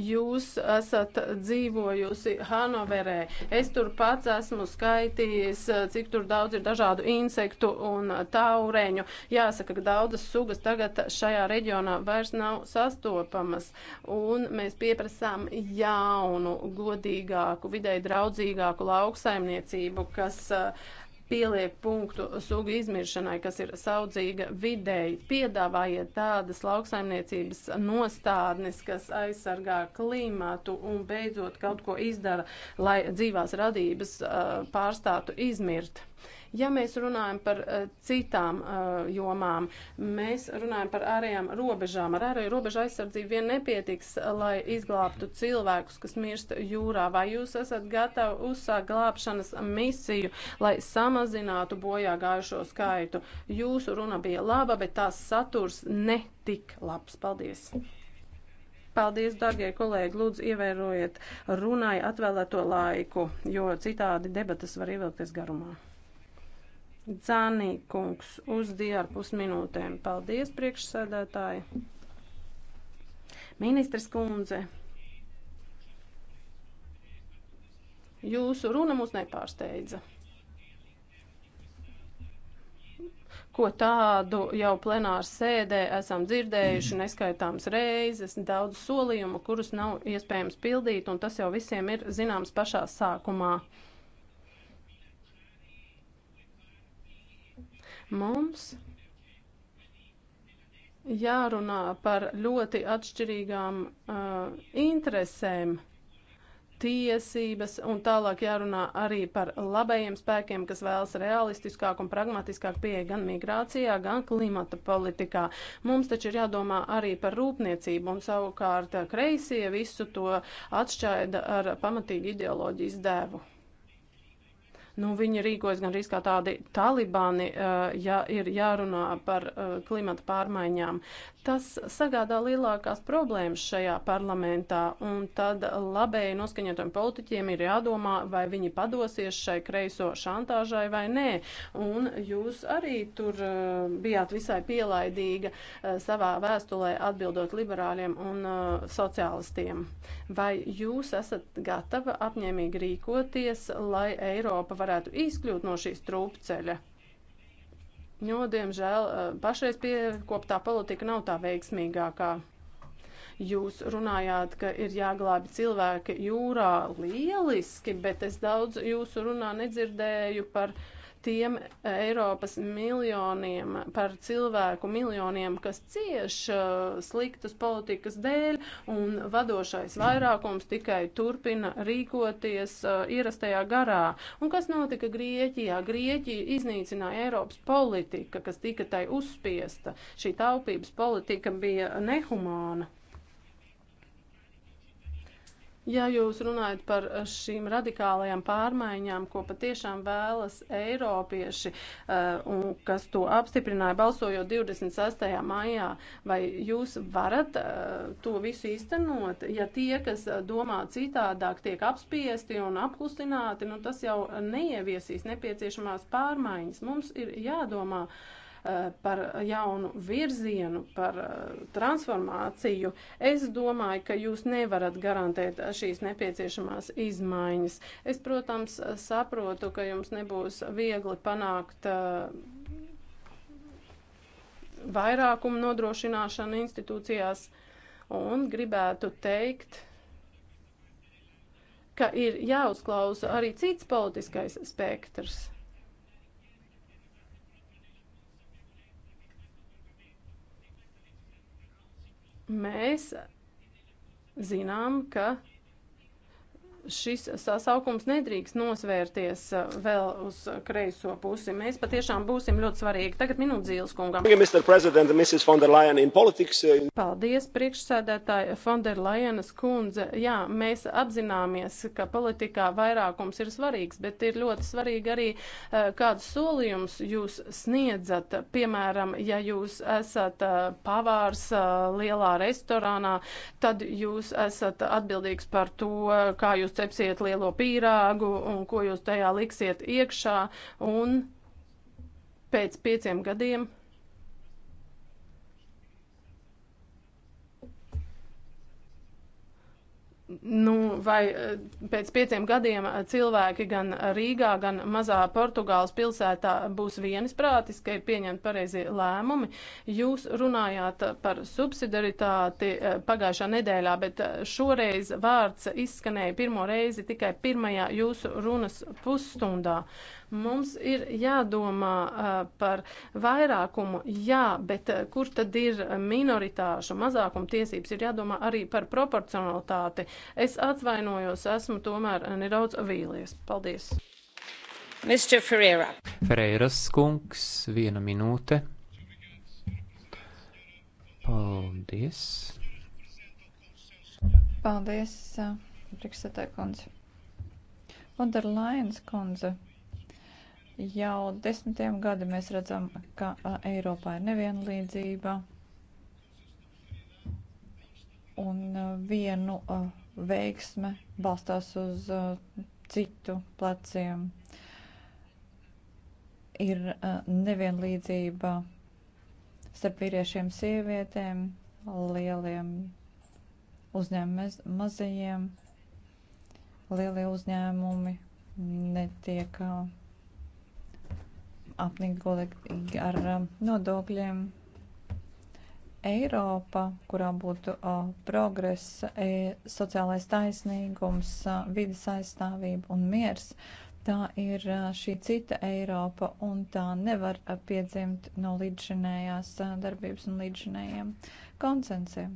Jūs esat dzīvojusi Hanoverē. Es tur pats esmu skaitījis, cik tur daudz ir dažādu insektu un taureņu. Jāsaka, ka daudzas sugas tagad šajā reģionā vairs nav sastopamas. Un mēs pieprasām jaunu, godīgāku, videi draudzīgāku lauksaimniecību, kas uh, pieliek punktu sugu izmiršanai, kas ir saudzīga videi. Piedāvājiet tādas lauksaimniecības nostādnes, kas aizsargā klimatu un beidzot kaut ko izdara, lai dzīvās radības uh, pārstātu izmirt. Ja mēs runājam par uh, citām uh, jomām, mēs runājam par ārējām robežām. Ar ārēju robežu aizsardzību vien nepietiks, lai izglābtu cilvēkus, kas mirst jūrā. Vai jūs esat gatavi uzsākt glābšanas misiju, lai samazinātu bojā gājušo skaitu? Jūsu runa bija laba, bet tās saturs netik labs. Paldies! Paldies, darbie kolēģi! Lūdzu, ievērojiet runai atvēlēto laiku, jo citādi debatas var ievilkties garumā. Dzānī kungs uz diārpus minūtēm. Paldies, priekšsēdētāji. Ministres kundze, jūsu runa mūs nepārsteidza. ko tādu jau plenāru sēdē esam dzirdējuši neskaitāms reizes, daudz solījumu, kurus nav iespējams pildīt, un tas jau visiem ir zināms pašā sākumā. Mums jārunā par ļoti atšķirīgām uh, interesēm tiesības, un tālāk jārunā arī par labējiem spēkiem, kas vēlas realistiskāk un pragmatiskāk pieeja gan migrācijā, gan klimata politikā. Mums taču ir jādomā arī par rūpniecību, un savukārt uh, kreisie visu to atšķaida ar pamatīgu ideoloģijas devu nu, viņi rīkojas gan arī kā tādi talibani, eh, ja ir jārunā par eh, klimata pārmaiņām. Tas sagādā lielākās problēmas šajā parlamentā, un tad labēji noskaņotiem politiķiem ir jādomā, vai viņi padosies šai kreiso šantāžai vai nē. Un jūs arī tur eh, bijāt visai pielaidīga savā vēstulē atbildot liberāļiem un sociālistiem. Vai jūs esat gatava apņēmīgi rīkoties, lai Eiropa varētu izkļūt no šīs trūpceļa. Jo, diemžēl, eh, pašreiz piekoptā politika nav tā veiksmīgākā. Jūs runājāt, ka ir jāglābi cilvēki jūrā lieliski, bet es daudz jūsu runā nedzirdēju par uh, tiem eh, Eiropas miljoniem, par cilvēku miljoniem, kas cieš eh, sliktas politikas dēļ, un vadošais vairākums tikai turpina rīkoties eh, ierastajā garā. Un kas notika Grieķijā? Grieķija iznīcināja Eiropas politika, kas tika tai uzspiesta. Šī taupības politika bija nehumāna. Ja jūs runājat par eh, šīm radikālajām pārmaiņām, ko patiešām vēlas eiropieši, eh, un kas to apstiprināja balsojot 26. maijā, vai jūs varat eh, to visu īstenot? Ja tie, kas domā citādāk, tiek apspiesti un apklusināti, nu tas jau neieviesīs nepieciešamās pārmaiņas. Mums ir jādomā. Uh, Eh, par jaunu virzienu, par eh, transformāciju, es domāju, ka jūs nevarat garantēt šīs nepieciešamās izmaiņas. Es, protams, saprotu, ka jums nebūs viegli panākt eh, vairākumu nodrošināšanu institūcijās un gribētu teikt, ka ir jāuzklausa arī cits politiskais spektrs. Mēs zinām, ka šis sasaukums nedrīkst nosvērties eh, vēl uz kreiso pusi. Mēs patiešām būsim ļoti svarīgi. Tagad minūte Zīles kungam. Eh, Paldies, priekšsēdētāji Fonderlajenas kundze. Jā, mēs apzināmies, ka politikā vairākums ir svarīgs, bet ir ļoti svarīgi arī, eh, kādus solījumus jūs sniedzat. Piemēram, ja jūs esat pavārs lielā restorānā, tad jūs esat atbildīgs par to, kā jūs jūs cepsiet lielo pīrāgu un ko jūs tajā liksiet iekšā. Un pēc pieciem gadiem Nu, vai eh, pēc pieciem gadiem eh, cilvēki gan Rīgā, gan mazā Portugāles pilsētā būs vienisprātis, ka ir pieņemti pareizie lēmumi? Jūs runājāt eh, par subsidiaritāti pagājušā nedēļā, bet šoreiz vārds izskanēja pirmo reizi tikai pirmajā jūsu runas pusstundā. Uh, Mums ir jādomā par vairākumu, jā, bet kur tad ir minoritāšu mazākumu tiesības, ir jādomā arī par proporcionalitāti. Es atvainojos, esmu tomēr nedaudz vīlies. Paldies! Mr. Ferreira. Ferreiras kungs, viena minūte. Paldies. Paldies, priekšsētāja kundze. Vodarlainas kundze Jau desmitiem gadi mēs redzam, ka Eiropā ir nevienlīdzība un vienu veiksme balstās uz citu pleciem. Ir nevienlīdzība starp vīriešiem, sievietēm, lieliem uzņēmumiem, mazajiem. Lielie uzņēmumi netiek apnika kolēģi ar um, nodokļiem. Eiropa, kurā būtu uh, progress, e, sociālais taisnīgums, uh, vidas aizstāvība un miers, tā ir uh, šī cita Eiropa un tā nevar piedzimt no līdzšinējās darbības un līdzšinējiem konsensiem.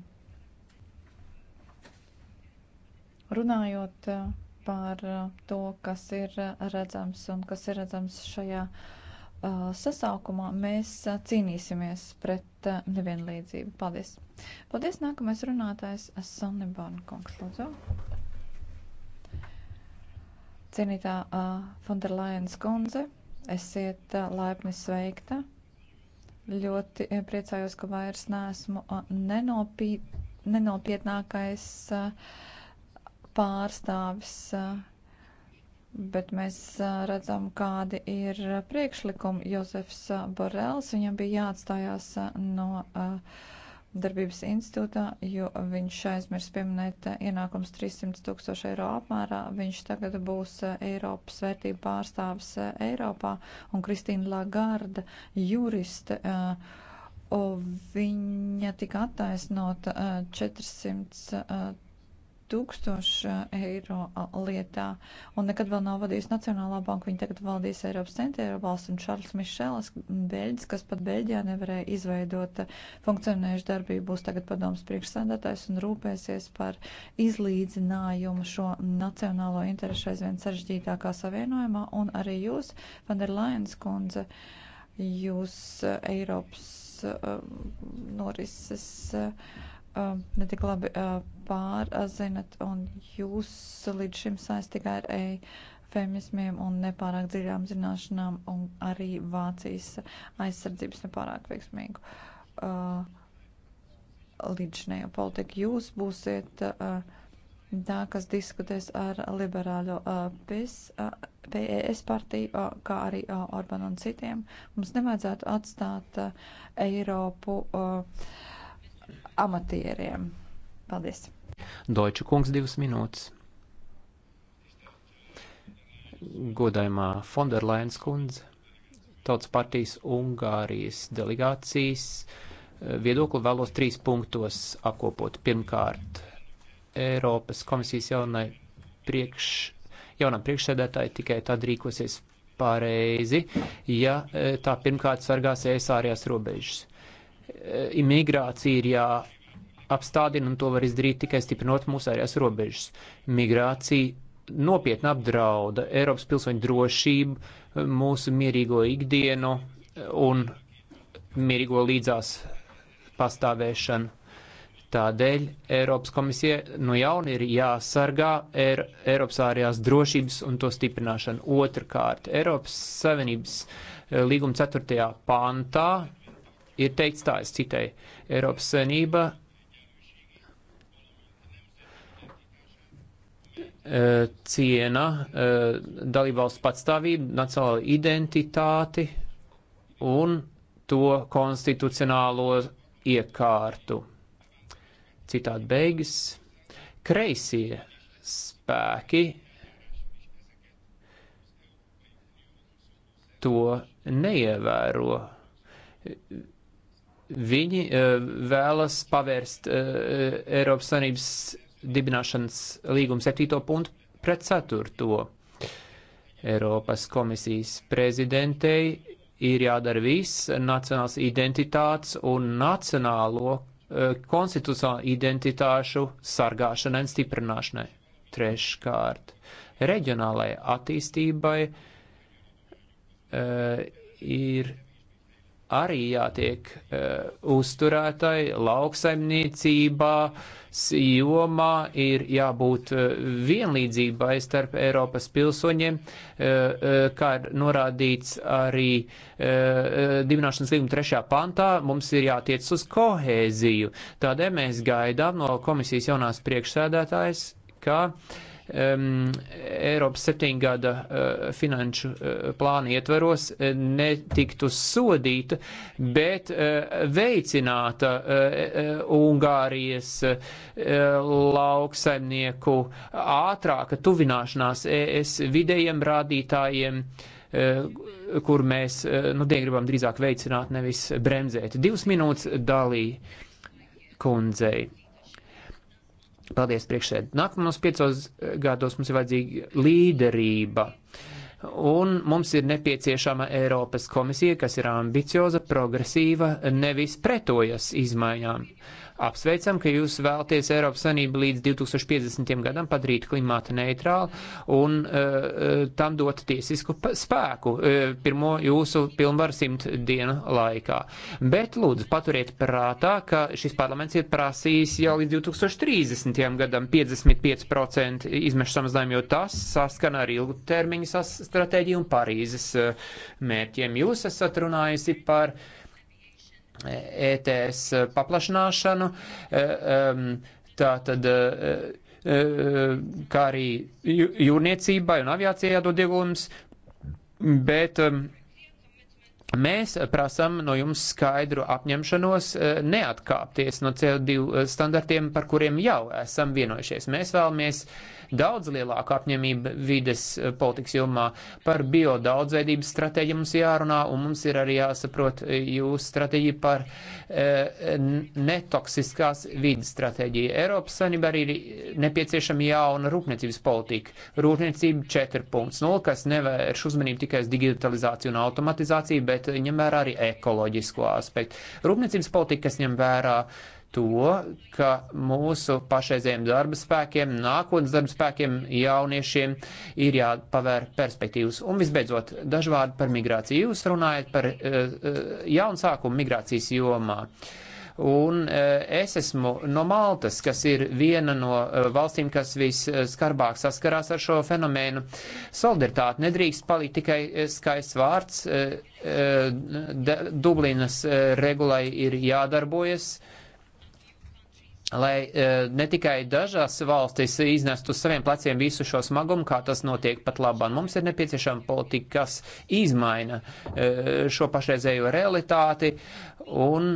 Runājot par to, kas ir redzams un kas ir redzams šajā uh, sasaukumā mēs cīnīsimies pret nevienlīdzību. Paldies! Paldies! Nākamais runātājs Sanne Barnkungs, lūdzu. Cienītā Fonderlajens kundze, esiet laipni sveikta. Ļoti priecājos, ka vairs neesmu nenopī, nenopietnākais pārstāvis Bet mēs redzam, kādi ir priekšlikumi. Jozefs Borels, viņam bija jāatstājās no darbības institūtā, jo viņš aizmirs pieminēt ienākums 300 tūkstoši eiro apmērā. Viņš tagad būs Eiropas vērtību pārstāvis Eiropā un Kristīna Lagarda, juriste. Viņa tika attaisnota 400 tūkstošu eh, eiro lietā un nekad vēl nav vadījis Nacionālā banka. Viņa tagad valdīs Eiropas centrālā valsts un Čārls Mišels, beļģis, kas pat Beļģijā nevarēja izveidot eh, funkcionējušu darbību, būs tagad padoms priekšsēdētājs un rūpēsies par izlīdzinājumu šo nacionālo interešu aizvien sarežģītākā savienojumā. Un arī jūs, Vanderlainas kundze, jūs eh, Eiropas norises. Uh, netik labi pārzinat, un jūs līdz šim saist tikai ar eifemismiem un nepārāk dziļām zināšanām, un arī Vācijas aizsardzības nepārāk veiksmīgu līdzinējo politiku. Jūs būsiet tā, kas diskutēs ar liberāļo PES, PES partiju, kā arī Orbanu un citiem. Mums nevajadzētu atstāt Eiropu. Uh, amatieriem. Paldies! Deutsche kungs divas minūtes. Godājumā Fonderlainas kundze, Tautas partijas Ungārijas delegācijas eh, viedokli vēlos trīs punktos apkopot. Pirmkārt, Eiropas komisijas jaunai priekš, jaunam priekšsēdētāji tikai tad rīkosies pareizi, ja eh, tā pirmkārt sargās ES ārējās robežas imigrācija ir jāapstādina, un to var izdarīt tikai stiprinot mūsu ārējās robežas. Migrācija nopietni apdrauda Eiropas pilsoņu drošību, mūsu mierīgo ikdienu un mierīgo līdzās pastāvēšanu. Tādēļ Eiropas komisija no jauna ir jāsargā Eir Eiropas ārējās drošības un to stiprināšana. Otrakārt, Eiropas Savienības eh, līguma 4. pantā ir teikts tā, es citai, Eiropas Savienība e, ciena e, dalībvalstu patstāvību, nacionālo identitāti un to konstitucionālo iekārtu. Citādi beigas. Kreisie spēki to neievēro. Viņi eh, vēlas pavērst eh, eh, Eiropas Savienības dibināšanas līguma 7. punktu pret 4. Eiropas komisijas prezidentei ir jādara viss nacionāls identitātes un nacionālo konstitucionālo identitāšu sargāšanai un stiprināšanai. Treškārt, reģionālajai attīstībai uh, ir arī jātiek uh, uzturētai lauksaimniecībā, jomā ir jābūt uh, vienlīdzībai starp Eiropas pilsoņiem, uh, uh, kā ir norādīts arī uh, uh, dibināšanas līguma trešā pantā, mums ir jātiec uz kohēziju. Tādēļ mēs gaidām no komisijas jaunās priekšsēdētājas, ka uh, um, Eiropas septiņgada uh, e, finanšu uh, plāna ietveros uh, netiktu sodīta, bet uh, veicināta uh, uh, Ungārijas uh, lauksaimnieku ātrāka tuvināšanās ES vidējiem rādītājiem. Uh, kur mēs nu, gribam drīzāk veicināt, nevis bremzēt. Divas minūtes dalīja kundzei. Paldies priekšsēd. Nākamos piecos gados mums ir vajadzīga līderība. Un mums ir nepieciešama Eiropas komisija, kas ir ambicioza, progresīva, nevis pretojas izmaiņām. Uh, Apsveicam, ka jūs vēlaties Eiropas Sanību līdz 2050. gadam padarīt klimata neitrālu un uh, tam dot tiesisku spēku uh, pirmo jūsu pilnvaru simt dienu laikā. Bet, lūdzu, paturiet prātā, ka šis parlaments ir prasījis jau līdz 2030. gadam 55% izmešu samazinājumu, jo tas saskana ar ilgtermiņu stratēģiju un Parīzes uh, mērķiem. Jūs esat runājusi par uh, ETS e, paplašināšanu, e, tā tad e, kā arī jūrniecībai un aviācijai jādod iegūmus, bet Mēs prasām no jums skaidru apņemšanos neatkāpties no CO2 standartiem, par kuriem jau esam vienojušies. Mēs vēlamies daudz lielāku apņemību vides eh, politikas jomā. Par biodaudzveidības stratēģiju mums jārunā, un mums ir arī jāsaprot eh, jūsu stratēģija par eh, netoksiskās vides stratēģiju. Eiropas Sanība arī ir nepieciešama jauna rūpniecības politika. Rūpniecība 4.0, kas nevērš uzmanību tikai uz digitalizāciju un automatizāciju, bet ņem vērā arī ekoloģisko aspektu. Rūpniecības politika, kas ņem vērā to, ka mūsu pašreizējiem darba spēkiem, nākotnes darba spēkiem, jauniešiem ir jāpavēr perspektīvas. Un visbeidzot, daži vārdi par migrāciju. Jūs runājat par uh, jaunu sākumu migrācijas jomā. Un uh, es esmu no Maltas, kas ir viena no uh, valstīm, kas visskarbāk saskarās ar šo fenomēnu. Solidaritāte nedrīkst palikt tikai skaists vārds. Uh, uh, Dublinas uh, regulai ir jādarbojas. Uh, lai e, ne tikai dažās valstis iznestu uz saviem pleciem visu šo smagumu, kā tas notiek pat labāk. Mums ir nepieciešama politika, kas izmaina e, šo pašreizējo realitāti, un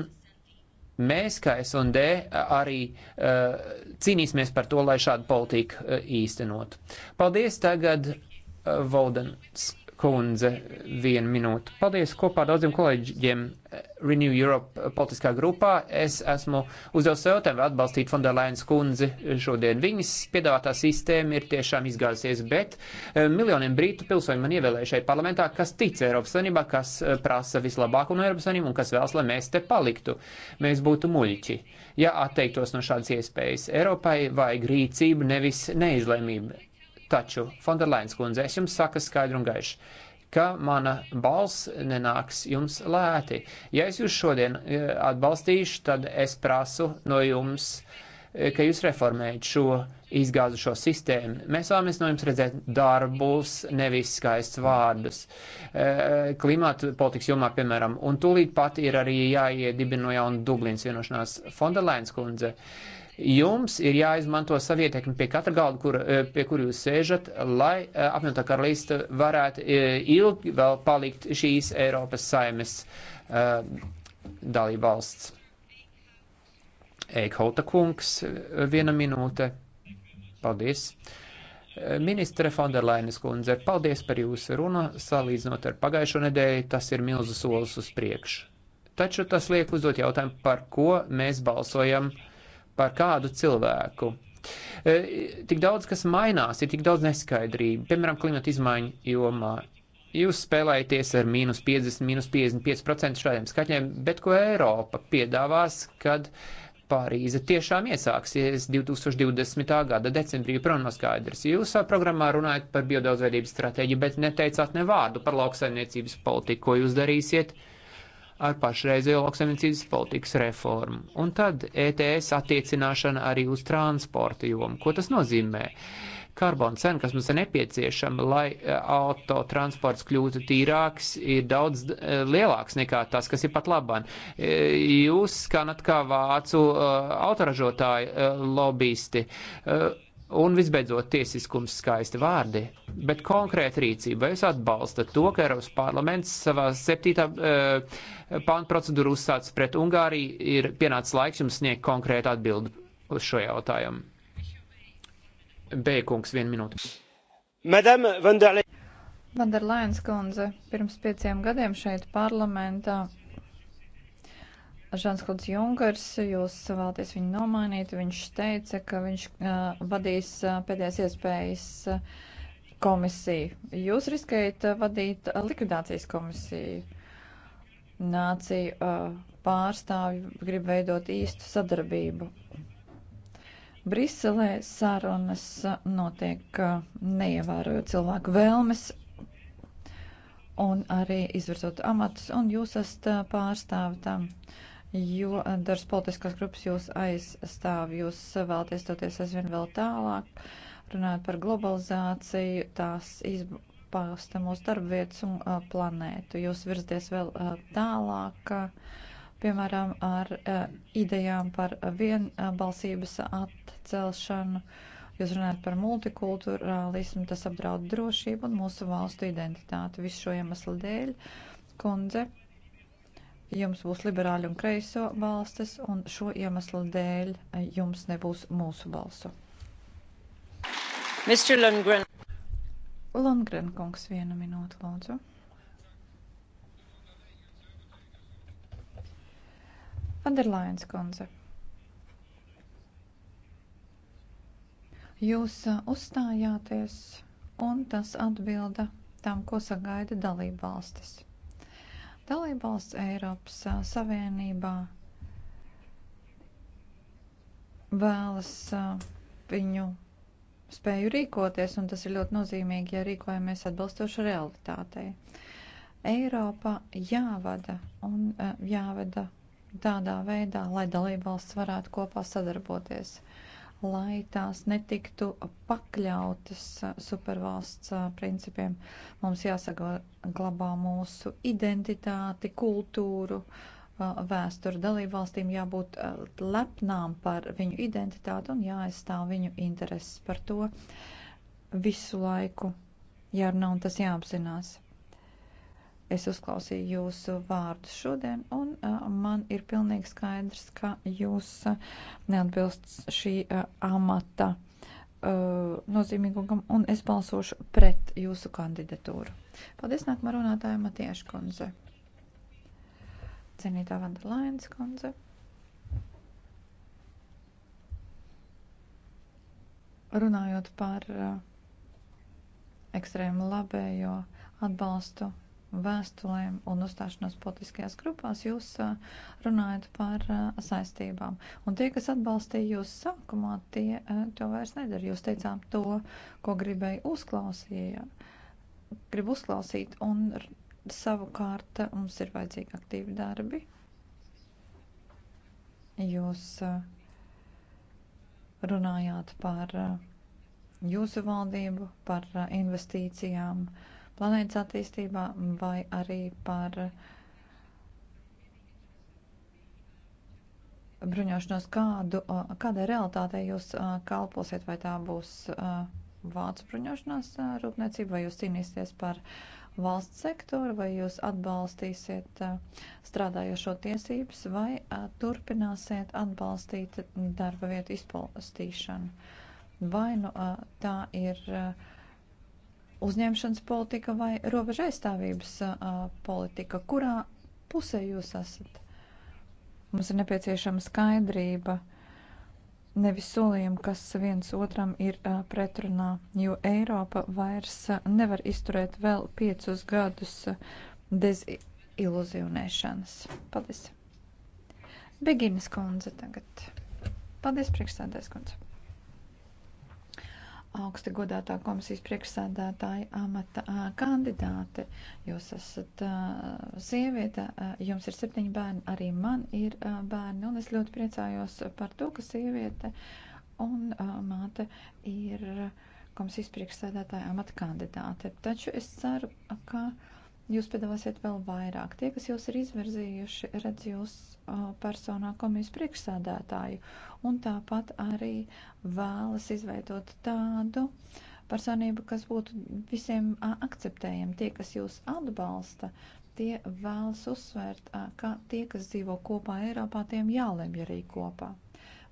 mēs, kā S&D, arī e, cīnīsimies par to, lai šādu politiku īstenot. Paldies tagad, Voldens kundze, vienu minūtu. Paldies kopā daudziem kolēģiem eh, Renew Europe eh, politiskā grupā. Es esmu uzdevusi jautājumu, vai atbalstīt Fonderlainas kundzi šodien. Viņas piedāvātā sistēma ir tiešām izgāzusies, bet eh, miljoniem brītu pilsoņu man ievēlēja šai parlamentā, kas tic Eiropas Savienībā, kas prasa vislabāko no Eiropas Savienības un kas vēlas, lai mēs te paliktu. Mēs būtu muļķi, ja atteiktos no šādas iespējas. Eiropai vajag rīcību, nevis neizlēmību Taču, Fonderlains kundze, es jums saku skaidru un gaišu, ka mana balss nenāks jums lēti. Ja es jūs šodien e, atbalstīšu, tad es prasu no jums, e, ka jūs reformējat šo izgāzušo sistēmu. Mēs vēlamies no jums redzēt darbus, nevis skaists vārdus. E, klimata politikas jomā, piemēram, un tūlīt pat ir arī jāiedibina no jauna Dublins vienošanās Fonderlains kundze. Uh, Jums ir jāizmanto savu ietekmi pie katra galda, kur, e, pie kur jūs sēžat, lai e, apvienotā karalīste varētu e, ilgi vēl palikt šīs Eiropas saimes dalībvalsts. Eikhauta kungs, viena minūte. Paldies. Ministre Fonderlainas kundze, paldies par jūsu runu, salīdzinot ar pagājušo nedēļu, tas ir milzu solis uz priekšu. Taču tas liek uzdot jautājumu, par ko mēs balsojam uh, par kādu cilvēku. E, tik daudz, kas mainās, ir tik daudz neskaidrību, piemēram, klimata izmaiņu jomā. Jūs spēlējaties ar mīnus 50, mīnus 55% šādiem skaitļiem, bet ko Eiropa piedāvās, kad Pārīze tiešām iesāksies 2020. gada decembrī, prom no skaidrs. Jūs savā programmā runājat par biodaudzveidības stratēģiju, bet neteicāt ne vārdu par lauksaimniecības politiku, ko jūs darīsiet. Uh, ar pašreizējo lauksaimniecības politikas reformu. Un tad ETS attiecināšana arī uz transporta jomu. Ko tas nozīmē? Karbona cena, kas mums ir nepieciešama, lai e, autotransports kļūtu tīrāks, ir daudz e, lielāks nekā tas, kas ir pat labāk. E, jūs skanat kā vācu autoražotāju lobbyisti. Un visbeidzot, tiesiskums skaisti vārdi, bet konkrēta rīcība. Vai jūs atbalstat to, ka Eiropas parlaments savā septītā uh, pānta procedūra uzsācis pret Ungāriju, ir pienācis laiks jums sniegt konkrētu atbildi uz šo jautājumu? Beigungs, vienu minūti. Madame Vanderlainas kundze, pirms pieciem gadiem šeit parlamentā Žans Klods Junkers, jūs vēlaties viņu nomainīt, viņš teica, ka viņš uh, vadīs uh, pēdējās iespējas uh, komisiju. Jūs riskējat uh, vadīt uh, likvidācijas komisiju. Nācija uh, pārstāvju grib veidot īstu sadarbību. Briselē sarunas notiek uh, neievērojot cilvēku vēlmes un arī izvirzot amatus, un jūs esat pārstāvi tam. Uh, jo dažas politiskās grupas jūs aizstāv, jūs vēlaties toties aizvien vēl tālāk, runājot par globalizāciju, tās izpausta mūsu darbvietas un uh, planētu. Jūs virzaties vēl uh, tālāk, piemēram, ar uh, idejām par vienbalsības atcelšanu. Jūs runājat par multikulturālismu, tas apdraud drošību un mūsu valstu identitāti. Visu šo iemeslu dēļ, kundze, jums būs liberāļu un kreiso balstis, un šo iemeslu dēļ eh, jums nebūs mūsu balsu. Mr. Lundgren. Lundgren kungs, vienu minūtu, lūdzu. Vanderlains kundze. Jūs eh, uzstājāties, un tas atbilda tam, ko sagaida dalība valstis. Dalībvalsts Eiropas Savienībā vēlas viņu spēju rīkoties, un tas ir ļoti nozīmīgi, ja rīkojamies atbilstoši realitātei. Eiropa jāvada un jāvada tādā veidā, lai dalībvalsts varētu kopā sadarboties lai tās netiktu pakļautas supervalsts principiem. Mums jāsaglabā mūsu identitāti, kultūru, vēsturi. Dalību valstīm jābūt lepnām par viņu identitāti un jāaizstāv viņu intereses par to visu laiku jārunā un tas jāapzinās. Es uzklausīju jūsu vārdus šodien, un uh, man ir pilnīgi skaidrs, ka jūs uh, neatbilst šī uh, amata uh, nozīmīgumam, un es balsošu pret jūsu kandidatūru. Paldies nākamā runātāja Matieša kundze. Cienītā Vanda Lainas kundze. Runājot par uh, ekstrēmu labējo atbalstu vēstulēm un uzstāšanos politiskajās grupās jūs runājat par saistībām. Un tie, kas atbalstīja jūs sākumā, tie to vairs nedara. Jūs teicām to, ko gribēju uzklausīt, gribu uzklausīt, un savukārt mums ir vajadzīgi aktīvi darbi. Jūs runājāt par jūsu valdību, par investīcijām. Uh, planētas attīstībā vai arī par bruņošanos, kādu, kādai realitātei jūs kalposiet, vai tā būs vācu bruņošanās rūpniecība, vai jūs cīnīsieties par valsts sektoru, vai jūs atbalstīsiet strādājošo tiesības, vai turpināsiet atbalstīt darba vietu izpostīšanu. Vai nu tā ir uh, uzņemšanas politika vai robeža aizstāvības politika? Kurā pusē jūs esat? Mums ir nepieciešama skaidrība, nevis solījumi, kas viens otram ir pretrunā, jo Eiropa vairs nevar izturēt vēl piecus gadus deziluzionēšanas. Paldies! Beginas kundze tagad. Paldies, priekšsēdēs kundze augsti godātā komisijas priekšsēdētāja amata kandidāte. Jūs esat sieviete, jums ir septiņi bērni, arī man ir bērni, un es ļoti priecājos par to, ka sieviete un māte ir komisijas priekšsēdētāja amata kandidāte. Taču es ceru, ka. Uh, jūs piedāvāsiet vēl vairāk. Tie, kas jūs ir izvirzījuši, redz jūs personā komijas priekšsādātāju un tāpat arī vēlas izveidot tādu personību, kas būtu visiem akceptējama. Tie, kas jūs atbalsta, tie vēlas uzsvērt, ka tie, kas dzīvo kopā Eiropā, tiem jālemj arī kopā.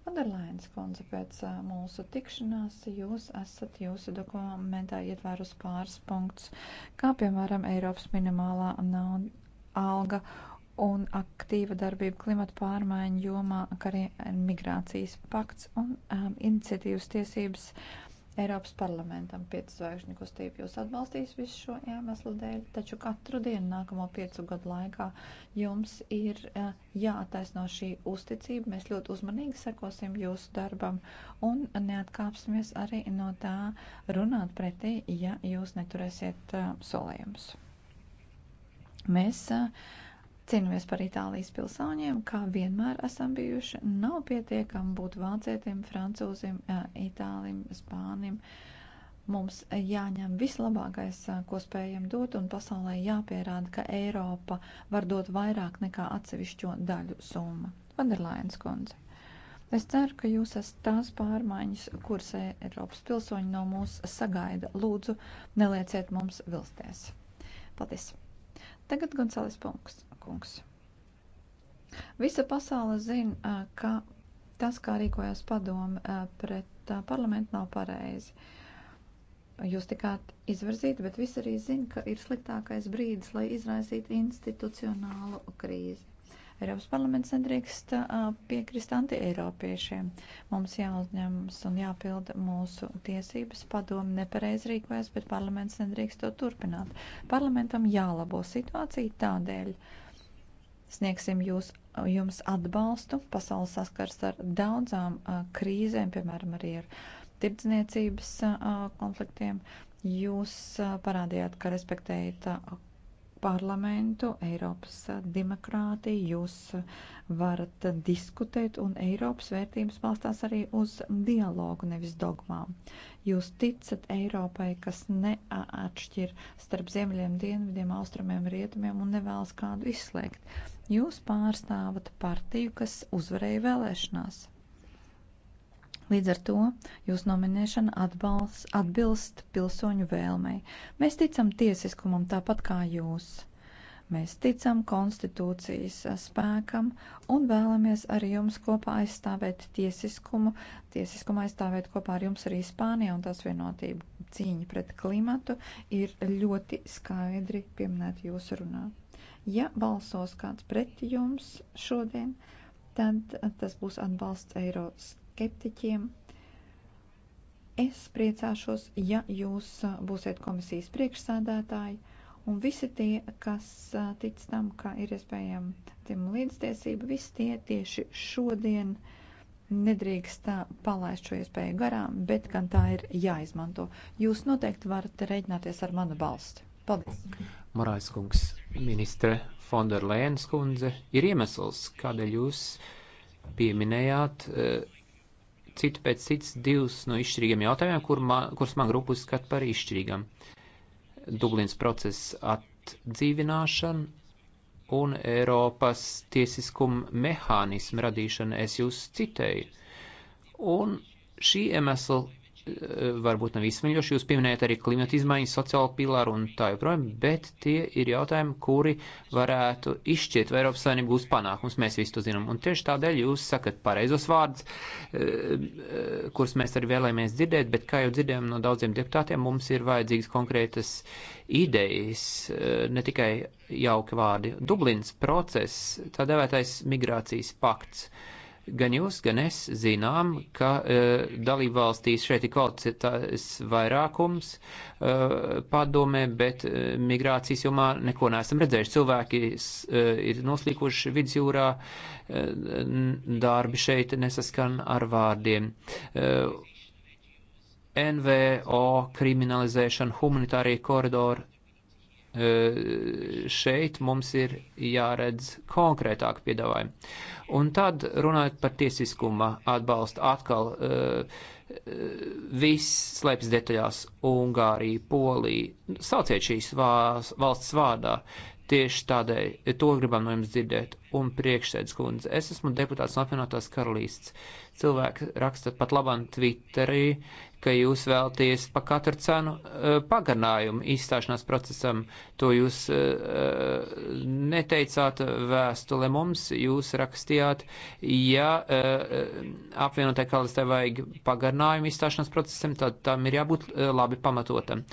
Vanderlainas kundze, pēc mūsu tikšanās jūs esat jūsu dokumentā ietvērus pāris punktus, kā piemēram Eiropas minimālā alga un aktīva darbība klimata pārmaiņu jomā, kā arī migrācijas pakts un um, iniciatīvas tiesības. Uh, Eiropas parlamentam piecu zvaigžņu kustību. Jūs atbalstīs visu šo iemeslu dēļ, taču katru dienu nākamo piecu gadu laikā jums ir eh, jātaisno šī uzticība. Mēs ļoti uzmanīgi sekosim jūsu darbam un neatkāpsimies arī no tā runāt pretī, ja jūs neturēsiet eh, solījumus. Mēs uh, Cīnāmies par Itālijas pilsoņiem, kā vienmēr esam bijuši. Nav pietiekami būt vācietim, francūzim, itālim, spānim. Mums jāņem vislabākais, ko spējam dot, un pasaulē jāpierāda, ka Eiropa var dot vairāk nekā atsevišķo daļu summa. Vanderlainas kundze. Es ceru, ka jūs esat tās pārmaiņas, kuras Eiropas pilsoņi no mūs sagaida. Lūdzu, nelieciet mums vilsties. Paldies! Tagad Gonzales Punkts kungs. Visa pasaule zina, ka tas, kā rīkojās padome pret parlamentu, nav pareizi. Jūs tikāt izvirzīti, bet visi arī zina, ka ir sliktākais brīdis, lai izraisītu institucionālu krīzi. Eiropas parlaments nedrīkst piekrist anti-eiropiešiem. Mums jāuzņemas un jāpilda mūsu tiesības. Padomi nepareiz rīkojas, bet parlaments nedrīkst to turpināt. Parlamentam jālabo situācija tādēļ. Uh, sniegsim jūs, jums atbalstu. Pasaule saskars ar daudzām uh, krīzēm, piemēram, arī ar tirdzniecības uh, konfliktiem. Jūs uh, parādījāt, ka respektējat uh, parlamentu, Eiropas uh, demokrātiju, jūs uh, varat uh, diskutēt, un Eiropas vērtības balstās arī uz dialogu, nevis dogmām. Jūs ticat Eiropai, kas neatšķir starp ziemeļiem, dienvidiem, austrumiem, rietumiem un nevēlas kādu izslēgt. Jūs pārstāvat partiju, kas uzvarēja vēlēšanās. Līdz ar to jūsu nominēšana atbalst, atbilst pilsoņu vēlmei. Mēs ticam tiesiskumam tāpat kā jūs. Mēs ticam konstitūcijas spēkam un vēlamies ar jums kopā aizstāvēt tiesiskumu, tiesiskumu aizstāvēt kopā ar jums arī Spāniju un tās vienotību. Cīņa pret klimatu ir ļoti skaidri pieminēta jūsu runā. Ja balsos kāds pret jums šodien, tad tas būs atbalsts eiroskeptiķiem. Es priecāšos, ja jūs būsiet komisijas priekšsēdētāji Un visi tie, kas tic tam, ka ir iespējama dzimuma līdztiesība, visi tie tieši šodien nedrīkst palaist šo iespēju garām, bet gan tā ir jāizmanto. Jūs noteikti varat reiķināties ar manu balstu. Paldies! Morāls kungs, ministre Fonderlēnas kundze, ir iemesls, kādēļ jūs pieminējāt citu pēc cits divus no izšķirīgiem jautājumiem, kur ma, kurus man grupu skat par izšķirīgam. Dublins procesa atdzīvināšanu un Eiropas tiesiskuma mehānismu radīšanu, es jūs citēju. Un šī iemesla varbūt nav izsmeļoši. Jūs pieminējat arī klimata izmaiņas, sociālo pilāru un tā joprojām, bet tie ir jautājumi, kuri varētu izšķirt, vai Eiropas Savienība būs panākums. Mēs visi to zinām. Un tieši tādēļ jūs sakat pareizos vārdus, eh, eh, kurus mēs arī vēlēmies dzirdēt, bet, kā jau dzirdējām no daudziem deputātiem, mums ir vajadzīgas konkrētas idejas, eh, ne tikai jauki vārdi. Dublins process, tā devētais migrācijas pakts. Uh, Gan jūs, gan es zinām, ka uh, dalībvalstīs šeit ir kvalitātes vairākums uh, padomē, bet uh, migrācijas jomā neko neesam redzējuši. Cilvēki uh, ir noslīkuši vidusjūrā, uh, darbi šeit nesaskan ar vārdiem. Uh, NVO kriminalizēšana, humanitārie koridori Eh, šeit mums ir jāredz konkrētāk piedāvājumi. Un tad runājot par tiesiskuma atbalstu atkal. Eh, viss slēpjas detaļās - Ungārija, Polija. Sauciet šīs vās, valsts vārdā. Tieši tādēļ to gribam no jums dzirdēt. Un priekšsēdz kundze, es esmu deputāts no apvienotās karalīsts. Uh, Cilvēki raksta pat labam Twitterī, ka jūs vēlties pa katru cenu eh, pagarinājumu izstāšanās procesam. To jūs eh, eh, neteicāt vēstule mums, jūs rakstījāt, ja apvienotai karalistē vajag pagarinājumu izstāšanās procesam, tad tam ir jābūt labi pamatotam.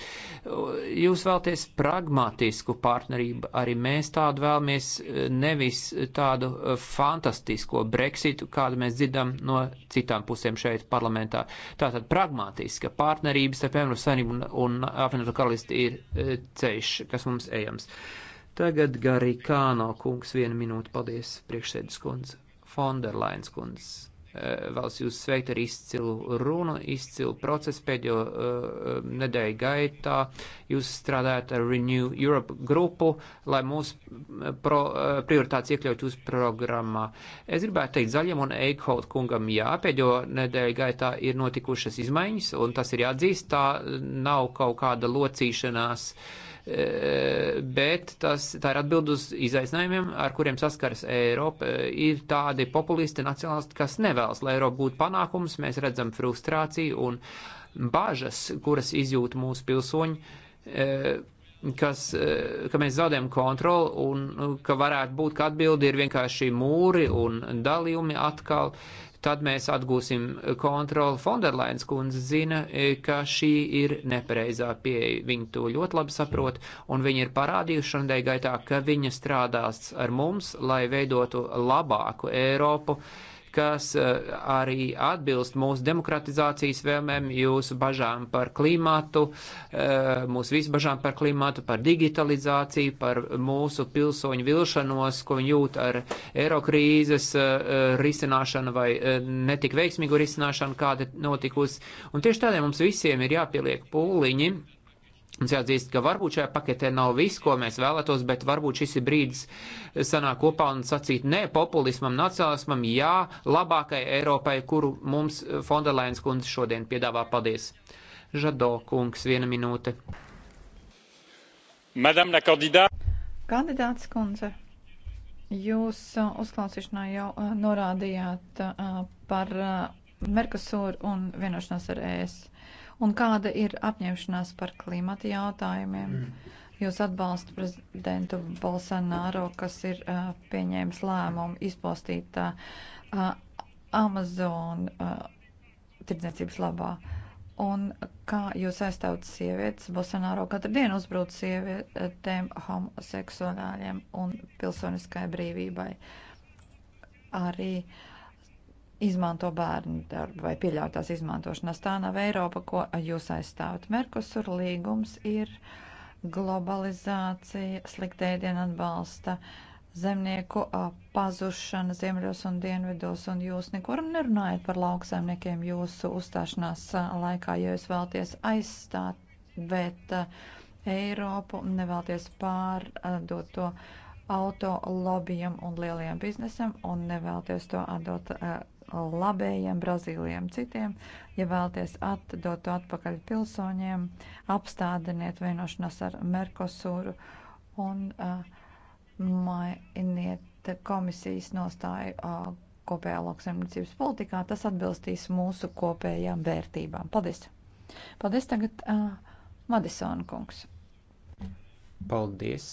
Jūs vēlties pragmatisku partnerību, arī mēs tādu vēlamies, nevis tādu fantastisko Brexitu, kādu mēs dzirdam no citām pusēm šeit parlamentā. Tātad pragmatiska partnerības ar Pēmēru Savienību un, un apvienoto karalisti ir e, ceļš, kas mums ejams. Tagad Garikāno kungs vienu minūtu, paldies, priekšsēdus kundze, Fonderlains kundze. Eh, vēlas jūs sveikt ar izcilu runu, izcilu procesu pēdējo uh, nedēļu gaitā. Jūs strādājat ar Renew Europe grupu, lai mūsu eh, pro, uh, prioritātes iekļaut jūsu programmā. Es gribētu teikt zaļiem un Eichholt kungam, jā, pēdējo nedēļu gaitā ir notikušas izmaiņas, un tas ir jāatzīst, tā nav kaut kāda locīšanās. Uh, Eh, bet tas, tā ir atbild uz izaicinājumiem, ar kuriem saskaras Eiropa. Eh, ir tādi populisti, nacionālisti, kas nevēlas, lai Eiropa būtu panākums, mēs redzam frustrāciju un bažas, kuras izjūt mūsu pilsoņi, eh, kas, ka mēs zaudējam kontroli un nu, ka varētu būt, ka atbildi ir vienkārši mūri un dalījumi atkal. Uh, tad mēs atgūsim kontroli. Fonderlains kundze zina, e, ka šī ir nepareizā pieeja. Viņa to ļoti labi saprot, un viņa ir parādījusi šonadēļ gaitā, ka viņa strādās ar mums, lai veidotu labāku Eiropu. Uh, kas eh, arī atbilst mūsu demokratizācijas vēlmēm, jūsu bažām par klimatu, eh, mūsu visu bažām par klimatu, par digitalizāciju, par mūsu pilsoņu vilšanos, ko viņi jūt ar eiro krīzes eh, risināšanu vai netik veiksmīgu risināšanu, kāda notikusi. Un tieši tādēļ mums visiem ir jāpieliek pūliņi Mums jāatzīst, ka varbūt šajā paketē nav viss, ko mēs vēlētos, bet varbūt šis ir brīdis sanākt kopā un sacīt nē populismam, nacionālismam, jā labākai Eiropai, kuru mums Fonda Lēns kundze šodien piedāvā. Paldies! Žado kungs, viena minūte. Madame la kandidāte. Kandidāts kundze, jūs uh, uzklausīšanā jau uh, norādījāt uh, par Merkosūru un vienošanos ar ES un kāda ir apņemšanās par klimata jautājumiem? Mm. Jūs atbalstat prezidentu Bolsonaro, kas ir uh, pieņēmis lēmumu izpostīt uh, Amazon uh, tirdzniecības labā. Un kā jūs aizstāvat sievietes? Bolsonaro katru dienu uzbrūk sievietēm, homoseksuāļiem un pilsoniskai brīvībai. Arī uh, izmanto bērnu darbu vai pieļautās izmantošanas. Tā nav Eiropa, ko jūs aizstāvat. Merkusur līgums ir globalizācija, sliktēdien atbalsta zemnieku pazušana ziemeļos un dienvidos, un jūs nekur nerunājat par lauksaimniekiem jūsu uzstāšanās laikā, jo jūs vēlties aizstāt, bet Eiropu nevēlties pārdot to auto lobbyiem un lielajiem biznesam un nevēlties to atdot uh, labējiem, Brazīlijiem, citiem. Ja vēlaties atdot to atpakaļ pilsoņiem, apstādiniet vienošanos ar Merkosūru un uh, mainiet komisijas nostāju uh, kopējā lauksaimniecības politikā. Tas atbilstīs mūsu kopējām vērtībām. Paldies! Paldies tagad uh, Madisona kungs. Paldies,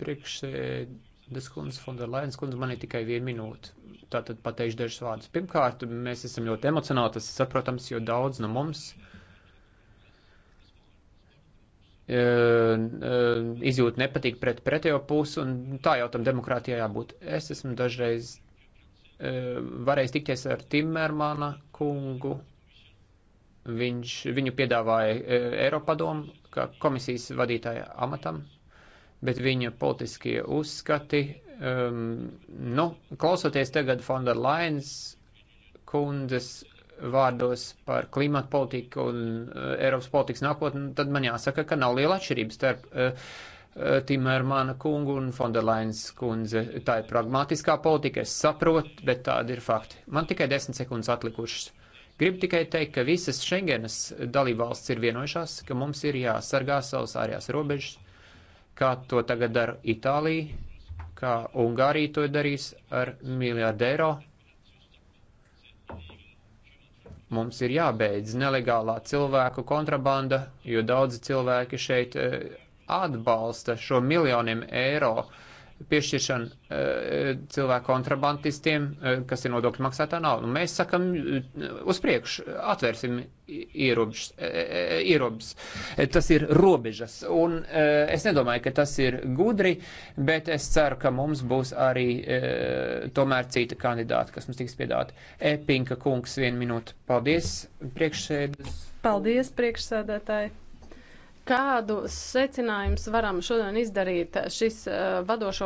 priekšsēdētāji Deskundze, Fonderlainas kundze, man ir tikai viena minūte. Tātad pateikšu dažus vārdus. Pirmkārt, mēs esam ļoti emocionāli, tas ir saprotams, jo daudz no mums e, e, izjūt nepatīk pret pretējo pusi, un tā jau tam demokrātijā jābūt. Es esmu dažreiz e, varējis tikties ar Timermana kungu. Viņš, viņu piedāvāja Eiropadomu, kā komisijas vadītāja amatam, bet viņa politiskie uzskati, um, nu, klausoties tagad Fonda Lainas kundzes vārdos par klimatu politiku un uh, Eiropas politikas nākotni, tad man jāsaka, ka nav liela atšķirība starp uh, uh Timermana kungu un Fonderlains kundze. Tā ir pragmatiskā politika, es saprotu, bet tāda ir fakti. Man tikai desmit sekundes atlikušas. Gribu tikai teikt, ka visas Schengenas dalībvalsts ir vienojušās, ka mums ir jāsargā savas ārējās robežas kā to tagad dara Itālija, kā Ungārija to darīs ar miljārdu eiro. Mums ir jābeidz nelegālā cilvēku kontrabanda, jo daudzi cilvēki šeit eh, atbalsta šo miljoniem eiro uh, piešķiršana eh, cilvēku kontrabantistiem, eh, kas ir nodokļu maksātā nauda. Mēs sakam, eh, uz priekšu atvērsim ierobežas. E, e, e, ierobežas. Tas ir robežas. Un es nedomāju, ka tas ir gudri, bet es ceru, ka mums būs arī tomēr cita kandidāta, kas mums tiks piedāta. Epinka kungs, vienu minūtu. Paldies, priekšsēdus. Paldies, priekšsēdētāji. Kādu secinājumus varam šodien izdarīt šis uh, vadošo